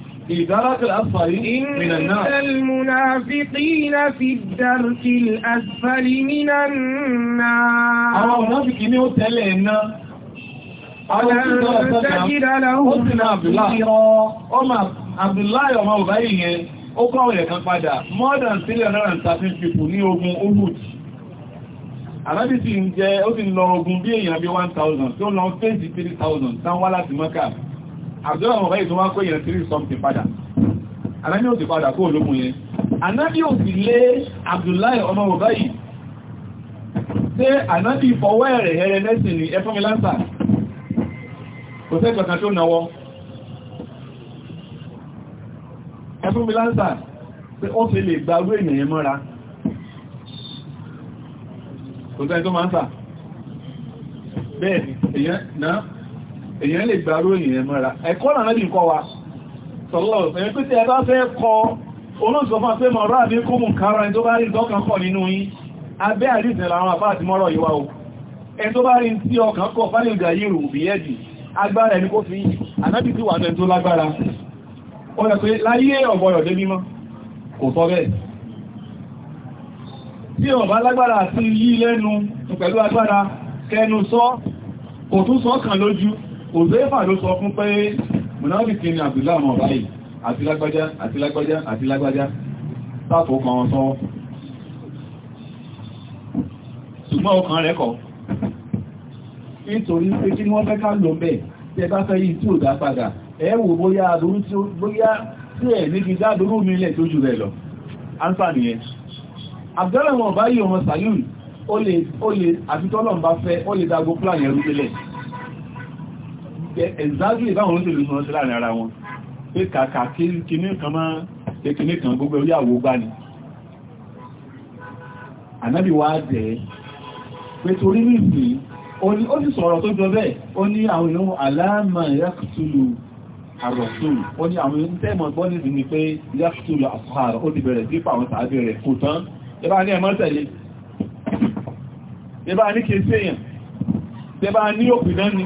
الدرك الأسفل من النار إن المنافقين في الدرك الأسفل من النار أرى منافقين يتلعنا أولا تجد لهم خيرا أما عبد الله وما وغيره ó kọ́wọ̀ ẹ̀kan padà more than 313 people ní ogun Uhud alábi ti jẹ́ ó ti lọ ogun bí èèyàn bí 1000 tó lọ fèsì tán wá láti Mọ́kà àbúrò ọmọ báyìí tó wá kó yẹn tírí sọ́mtì padà anábí ò sì padà kó ológun yẹn anábí ò sì lé Abdullahi ọmọ ọmọ báyìí ṣé anábí fọwọ́ ẹ̀rẹ̀ ẹ̀rẹ̀ mẹ́sìn ní ẹfọ́mi láńsà kò sẹ́ kankan tó náwọ́ ẹfọ́mi láńsà pé ó fi lè gba owó ènìyàn mọ́ra kò sẹ́ tó máa ń sà bẹ́ẹ̀ èèyàn náà èyàn lè gbàrú èyàn mọ́ra ẹ̀kọ́ náà lẹ́bí kọ́ wa sọ̀rọ̀ ẹ̀yẹn pé tí ẹ bá fẹ́ kọ olóòsọ̀fà pé mọ̀ rá bí kó mú kára ẹni tó bá rí ìtọ́kàn kọ̀ nínú yín abẹ́ àríṣẹ̀ láwọn àpá àti mọ́rọ̀ yíwá o ẹni tó bá rí tí ọkàn kọ̀ fánìlgà yìí rù bí ẹ̀dì agbára ẹni kó fi ànábì tí wà tẹ́ tó lágbára ó rẹ̀ pé láyé ọ̀gbọ̀rọ̀ dé kẹnu sọ kò tún sọ lójú òzèéfà ló sọ fún pé mùnáfíkí ni àbìlá ọmọ báyìí àti lágbájá àti lágbájá àti lágbájá sáàpù ọkàn wọn sọ́wọ́ ṣùgbọ́n ọkàn rẹ̀ kọ̀ nítorí pé kí wọ́n fẹ́ ká lò bẹ́ẹ̀ tí ẹ bá fẹ́ yìí tí ò dá padà ẹ wò bóyá adúrú tí ó bóyá tí ẹ̀ níbi dádúrú mi lẹ̀ tó jù rẹ̀ lọ àǹfààní ẹ̀ àbdọ́lọ̀mọ̀ báyìí ọmọ sàyún ó lè àfitọ́lọ̀ bá fẹ́ ó lè dágbó pláàn ẹ̀rú délẹ̀ exactly báwọn olóṣèlú mọ́ sí láàrin ara wọn pé kàkà kíní kan máa kíní kan gbogbo orí àwò gbá ni ànábì wá jẹ́ pé torí nìsí ó sì sọ̀rọ̀ tó jọ bẹ́ẹ̀ ó ní àwọn èèyàn aláàmà yàkùtùlù àrọ̀sùn ó ní àwọn èèyàn tẹ́mọ̀ gbọ́nìsì ni pé yàkùtùlù àṣàrọ̀ ó ti bẹ̀rẹ̀ sí pàwọn tàbí rẹ̀ kò tán ẹbá ní ẹmọ́ tẹ̀lé ẹbá ní kèsèyàn ẹbá ní òpìdán ni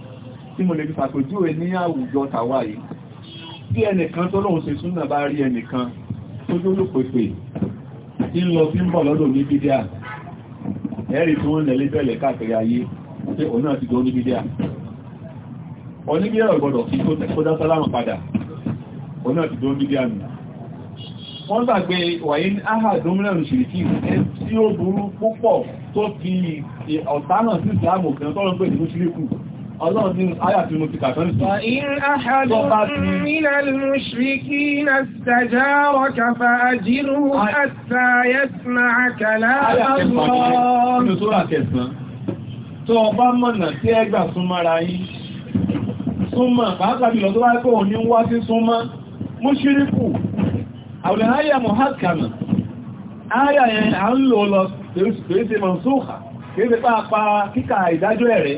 tí mo lè fi ṣàpèjúwe ní àwùjọ tàwa yìí bí ẹnìkan tó lóun ṣe súnà bá rí ẹnìkan tó jóló pèpè tí ń lọ sí ń bọ̀ lọ́dọ̀ ní bídíà ẹ̀rì tí wọ́n lẹ̀lé bẹ̀lẹ̀ káàkiri ayé pé òun náà ti jọ ní bídíà oníbídíà ọ̀gbọ̀dọ̀ kí tó dá sálámù padà òun náà ti jọ ní bídíà nù wọ́n gbàgbé wàyí áhàdùn mìíràn ṣìrìkì tí ó burú púpọ̀ tó fi ọ̀tánà Ọlọ́run ní ayà tí mo ti kàtọ́ nìtò. Ìrìn àhàdù nílẹ̀ lùṣìkí na ṣàjá ọkà fàájírù àtàyẹ́sìnà àkàlà àwọn Tó ọba mọ̀nà tí ẹgbà súnmọ́ra yín, súnmọ̀ pàápàá jùlọ tó wáyé kó ní wá yẹn à ń lò lọ pèsè mọ̀ sóòkà, pèsè pàápàá kíkà ìdájọ́ ẹ̀rẹ́.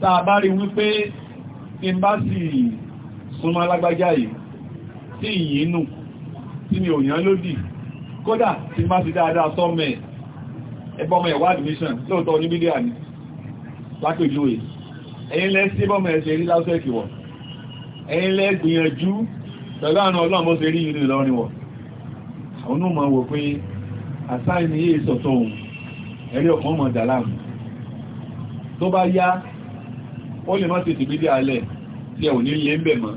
tàà bá rí wípé tí n bá sì súnmọ́ alágbájá yìí tí ìyínú tí mi ò yán lódì kódà tí n bá sì dáadáa sọ́mẹ̀ ẹbọ́mọ̀ ẹ̀wà admission lóòtọ́ ní mídíà ní lápèjú ẹ̀ ẹ̀yin lẹ́ sí bọ́mọ̀ ẹ̀ṣẹ̀ rí lásẹ̀kì wọ̀ ẹ̀yin lẹ́ gbìyànjú pẹ̀lú àwọn ọlọ́mọ ṣe rí ìrìn lọ́rin wọ̀ àwọn ọmọ wò pé àsáìní yìí sọ̀tọ̀ òun ẹ̀rí ọ̀kan mọ̀ dàlámù tó bá yá ó lè má tètè bí alẹ́ tí ẹ̀ ò ní yẹ ń bẹ̀ mọ́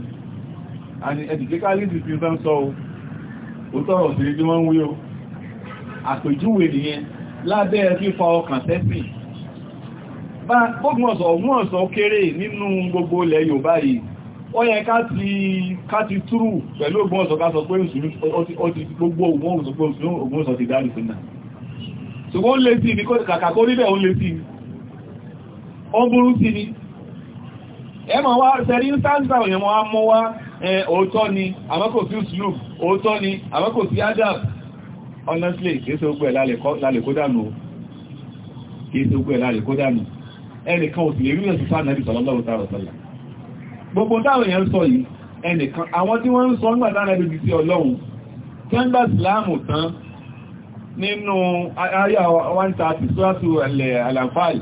àni ẹ̀dìkékálí ti fi tán sọ ó tọ́rọ̀ sí tí wọ́n ń wí o àpèjúwe nìyẹn lábẹ́ fífa ọkàn tẹ́sìn bá gbọ́gbọ́nsọ̀ ọ̀gbọ́nsọ̀ kéré nínú gbogbo ilẹ̀ Yorùbá yìí ó yẹ ká ti túrù pẹ̀lú ògbọ́nsọ̀ ká sọ pé gbogbo ògbọ́nsọ̀ ti dáàlù sínú ṣùgbọ́n lè sí ní kàkàkó níbẹ̀ ó lè sí ó burú sí ni ẹmọ̀ wá sẹ́rí instance àwọn èèyàn wọ́n mọ́ wá òótọ́ ni àmọ́kò sí sloop òótọ́ ni àmọ́kò sí adab honestly kéèsè ogbó ẹ̀ lálẹ̀ kó dànù kéèsè ogbó ẹ̀ lálẹ̀ kó dànù ẹnìkan ò sì lè rí ẹ̀sùn sáà nàbì sallallahu ta'ala sallam gbogbo táwọn èèyàn sọ yìí ẹnìkan àwọn tí wọ́n ń sọ nígbà táwọn ẹbí sí ọlọ́run tẹ́ńgbà ìsìláàmù tán nínú ayá 130 sọ́rọ̀tù àlàfáàlì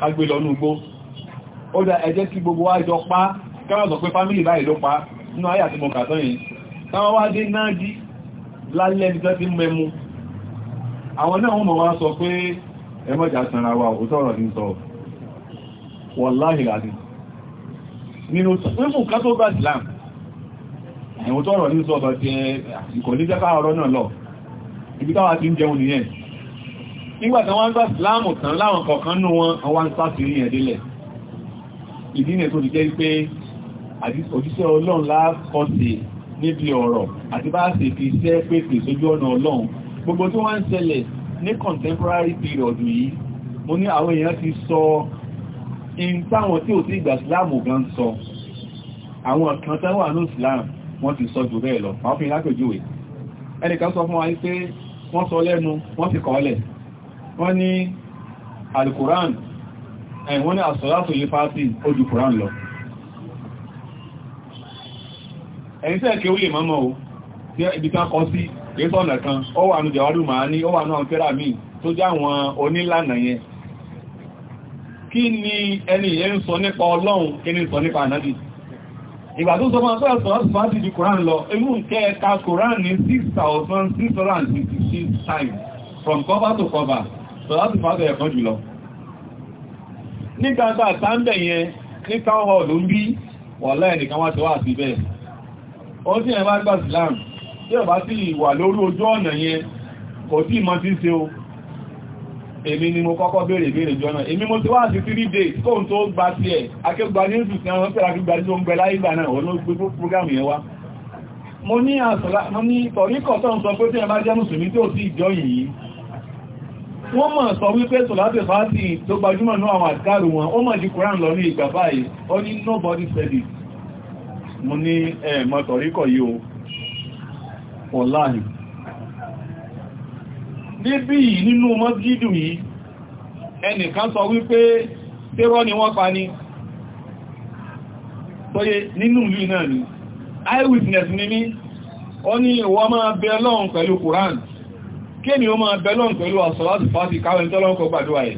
kágbé lọ́nú igbó ó dá ẹjẹ́ kí gbogbo wá jọ pa káwọn sọ pé fámílì báyìí ló pa nínú ayé àti mọ̀kà tán yìí táwọn wá dé náà jí lálẹ́ ní tẹ́tí mẹ́mú àwọn náà wọ́n mọ̀ wá sọ pé ẹmọ́jà sanra wa ò sọ̀rọ̀ ní sọ wọ́láhì láti nínú pínpù ká tó bá islam ẹ̀wọ̀n tọ́rọ̀ ní sọ ọ̀tọ̀ ti ẹ̀kọ̀ ní jẹ́ káàrọ̀ náà nígbàtí wọ́n gbà síláàmù tán láwọn kọ̀ọ̀kan nú wọn àwọn ń sáàtì ní ẹ̀dílẹ̀ ìdínẹ̀ tó ti jẹ́ pé òjíṣẹ́ ọlọ́run lákọ́sí níbi ọ̀rọ̀ àti bá ṣe fi iṣẹ́ pèpè sójú ọ̀nà ọlọ́run gbogbo tí wọ́n ń ní contemporary period yìí mo ní àwọn èèyàn ti sọ in táwọn tí wọ́n ní alkùrán ẹ̀yìn wọ́n ní àsọ̀látò yí fásí ojú kùrán lọ ẹ̀yìn tẹ́ kí ó lè mọ́mọ́ o tí ibi tán kọ sí kẹsọ̀nà kan ó wà ní jẹ̀wádù máa ní ó wà náà kẹ́rà míì tó já àwọn onílànà yẹn kí ni ẹni yẹn ń sọ nípa ọlọ́run kí ni ń sọ nípa ànábì ìgbà tó sọ máa sọ́rọ̀ sọ́rọ̀ fásitì ju koran lọ inú kẹ́ ẹ̀ka koran ní 6666 times from cover to cover sọ̀láti fàájẹ̀ ẹ̀kan jùlọ nígbàtà sáńbẹ̀ yẹn ní town hall ló ń bí wà lẹ́ẹ̀nìkan wá ti wá sí bẹ́ẹ̀ ó tí ẹ̀ bá gbà Islam tí ó bá sì wà lórí ojú ọ̀nà o èmi ni mo kọ́kọ́ béèrè béèrè jọna èmi mo ti wá sí 3 days kóhun tó gba sí ẹ̀ akégbà ní ìsù sí àwọn pẹ̀lú akégbà tí ó ń gbẹ láyé ìgbà náà wọ́n ló gbé program yẹn wá mo ní àṣọ́lá mo ní tọ̀ríkọ̀ tó ń sọ pé tí ẹ bá jẹ́ mùsùlùmí tó sì ìjọ yìí wọ́n mọ̀ sọ wípé tòlátẹ̀ fàátì tó gbajúmọ̀ náà àwọn àdìkárù wọn ó mọ̀ di koran lọ ní ìgbà báyìí ó ní nobody said it mo ní ẹ̀mọ̀ tọ̀ríkọ̀ yìí o ọláàrí níbí nínú mọ́sídù yìí ẹnìkan sọ wípé tẹ́rọ ni wọ́n pa ni tóyé nínú ìlú náà ni eyewitness ni mí ó ní ìwọ máa bẹ Ọlọ́run pẹ̀lú koran kéèni ó máa bẹ́lọ́n pẹ̀lú àsọ̀láti fàájì káwẹ́ tọ́lọ́nkọ́ gbàdúwà ẹ̀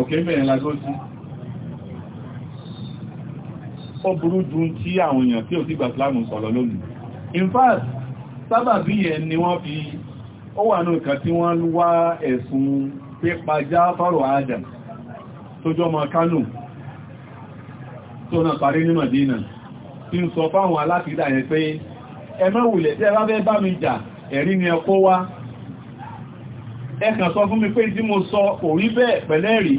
òkè mẹ́rin lágó sí ó burú jù tí àwọn èèyàn tí ò sí gbàsílámù sọ̀rọ̀ lónìí in fact sábàbí yẹn ni wọ́n fi ó wà ní ìkà tí wọ́n wá ẹ̀sùn pípa Jáfàrù Adam tó jọ ọmọ Kánò tó náà parí ní Màdínà tí ń sọ fáwọn alákìdá yẹn pé ẹmẹ́wùlẹ̀ tí ẹ bá fẹ́ bá mi jà ẹ̀rí ni ẹ wá ẹkàn sọ fún mi pé tí mo sọ kò rí bẹ́ẹ̀ pẹ̀lẹ́ rí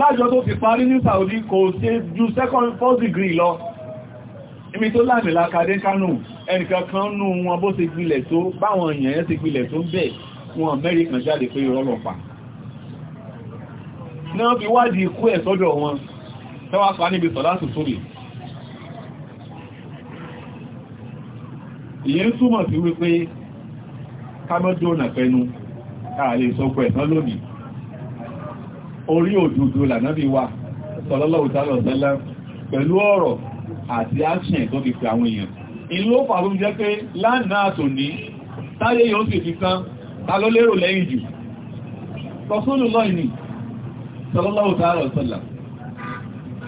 lájọ tó ti parí ní Saudi kò ṣe ju second first degree lọ imi tó láàmì lákàdé kánù ẹnìkan kan nù wọn bó ti gbilẹ̀ tó báwọn èèyàn ti gbilẹ̀ tó bẹ́ẹ̀ wọn Amẹ́ríkà jáde pé ìrọ́lọ́pàá náà fi wádìí ikú ẹ̀ sọ́dọ̀ wọn tẹ́wàá pa níbi sọ̀látù sórí ìyẹn túmọ̀ sí wípé kámọ́dó nà ààrẹ ìsọpọ̀ ẹ̀tán lónìí orí òdúdó lànábí wa sallallahu ta'ala sallam pẹ̀lú ọ̀rọ̀ àti action tó fi pẹ àwọn èèyàn ìlú ó fà fún jẹ́ pé lánàá tò ní táyé yóò sì fi kan ta ló lérò lẹ́yìn jù Rasulullah ni sallallahu ta'ala sallam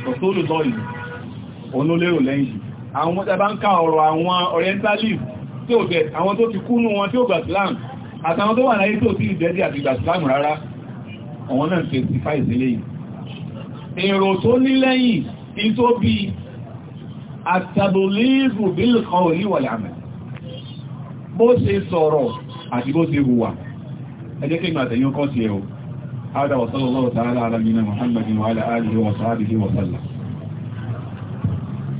Rasulullah ni òun ló lérò lẹ́yìn jù àwọn tẹ́bá ń ká ọ̀rọ̀ àwọn orientalist tí ó bẹ̀ àwọn tó ti kú nù wọn tí ó gbà Islam àtàwọn tó wà láyé tó tí ìdẹ́dẹ́ àgbìgbà ìsìlámù rárá àwọn náà ṣe ti fà ìsílé yìí èrò tó ní lẹ́yìn tí tó bí àtàbòlíìfù bílùkọ́ oníwàlẹ̀ àmì bó ṣe sọ̀rọ̀ àti bó ṣe hùwà ẹjẹ́ kí ìgbà tẹ̀yìn kọ́ sí ẹ̀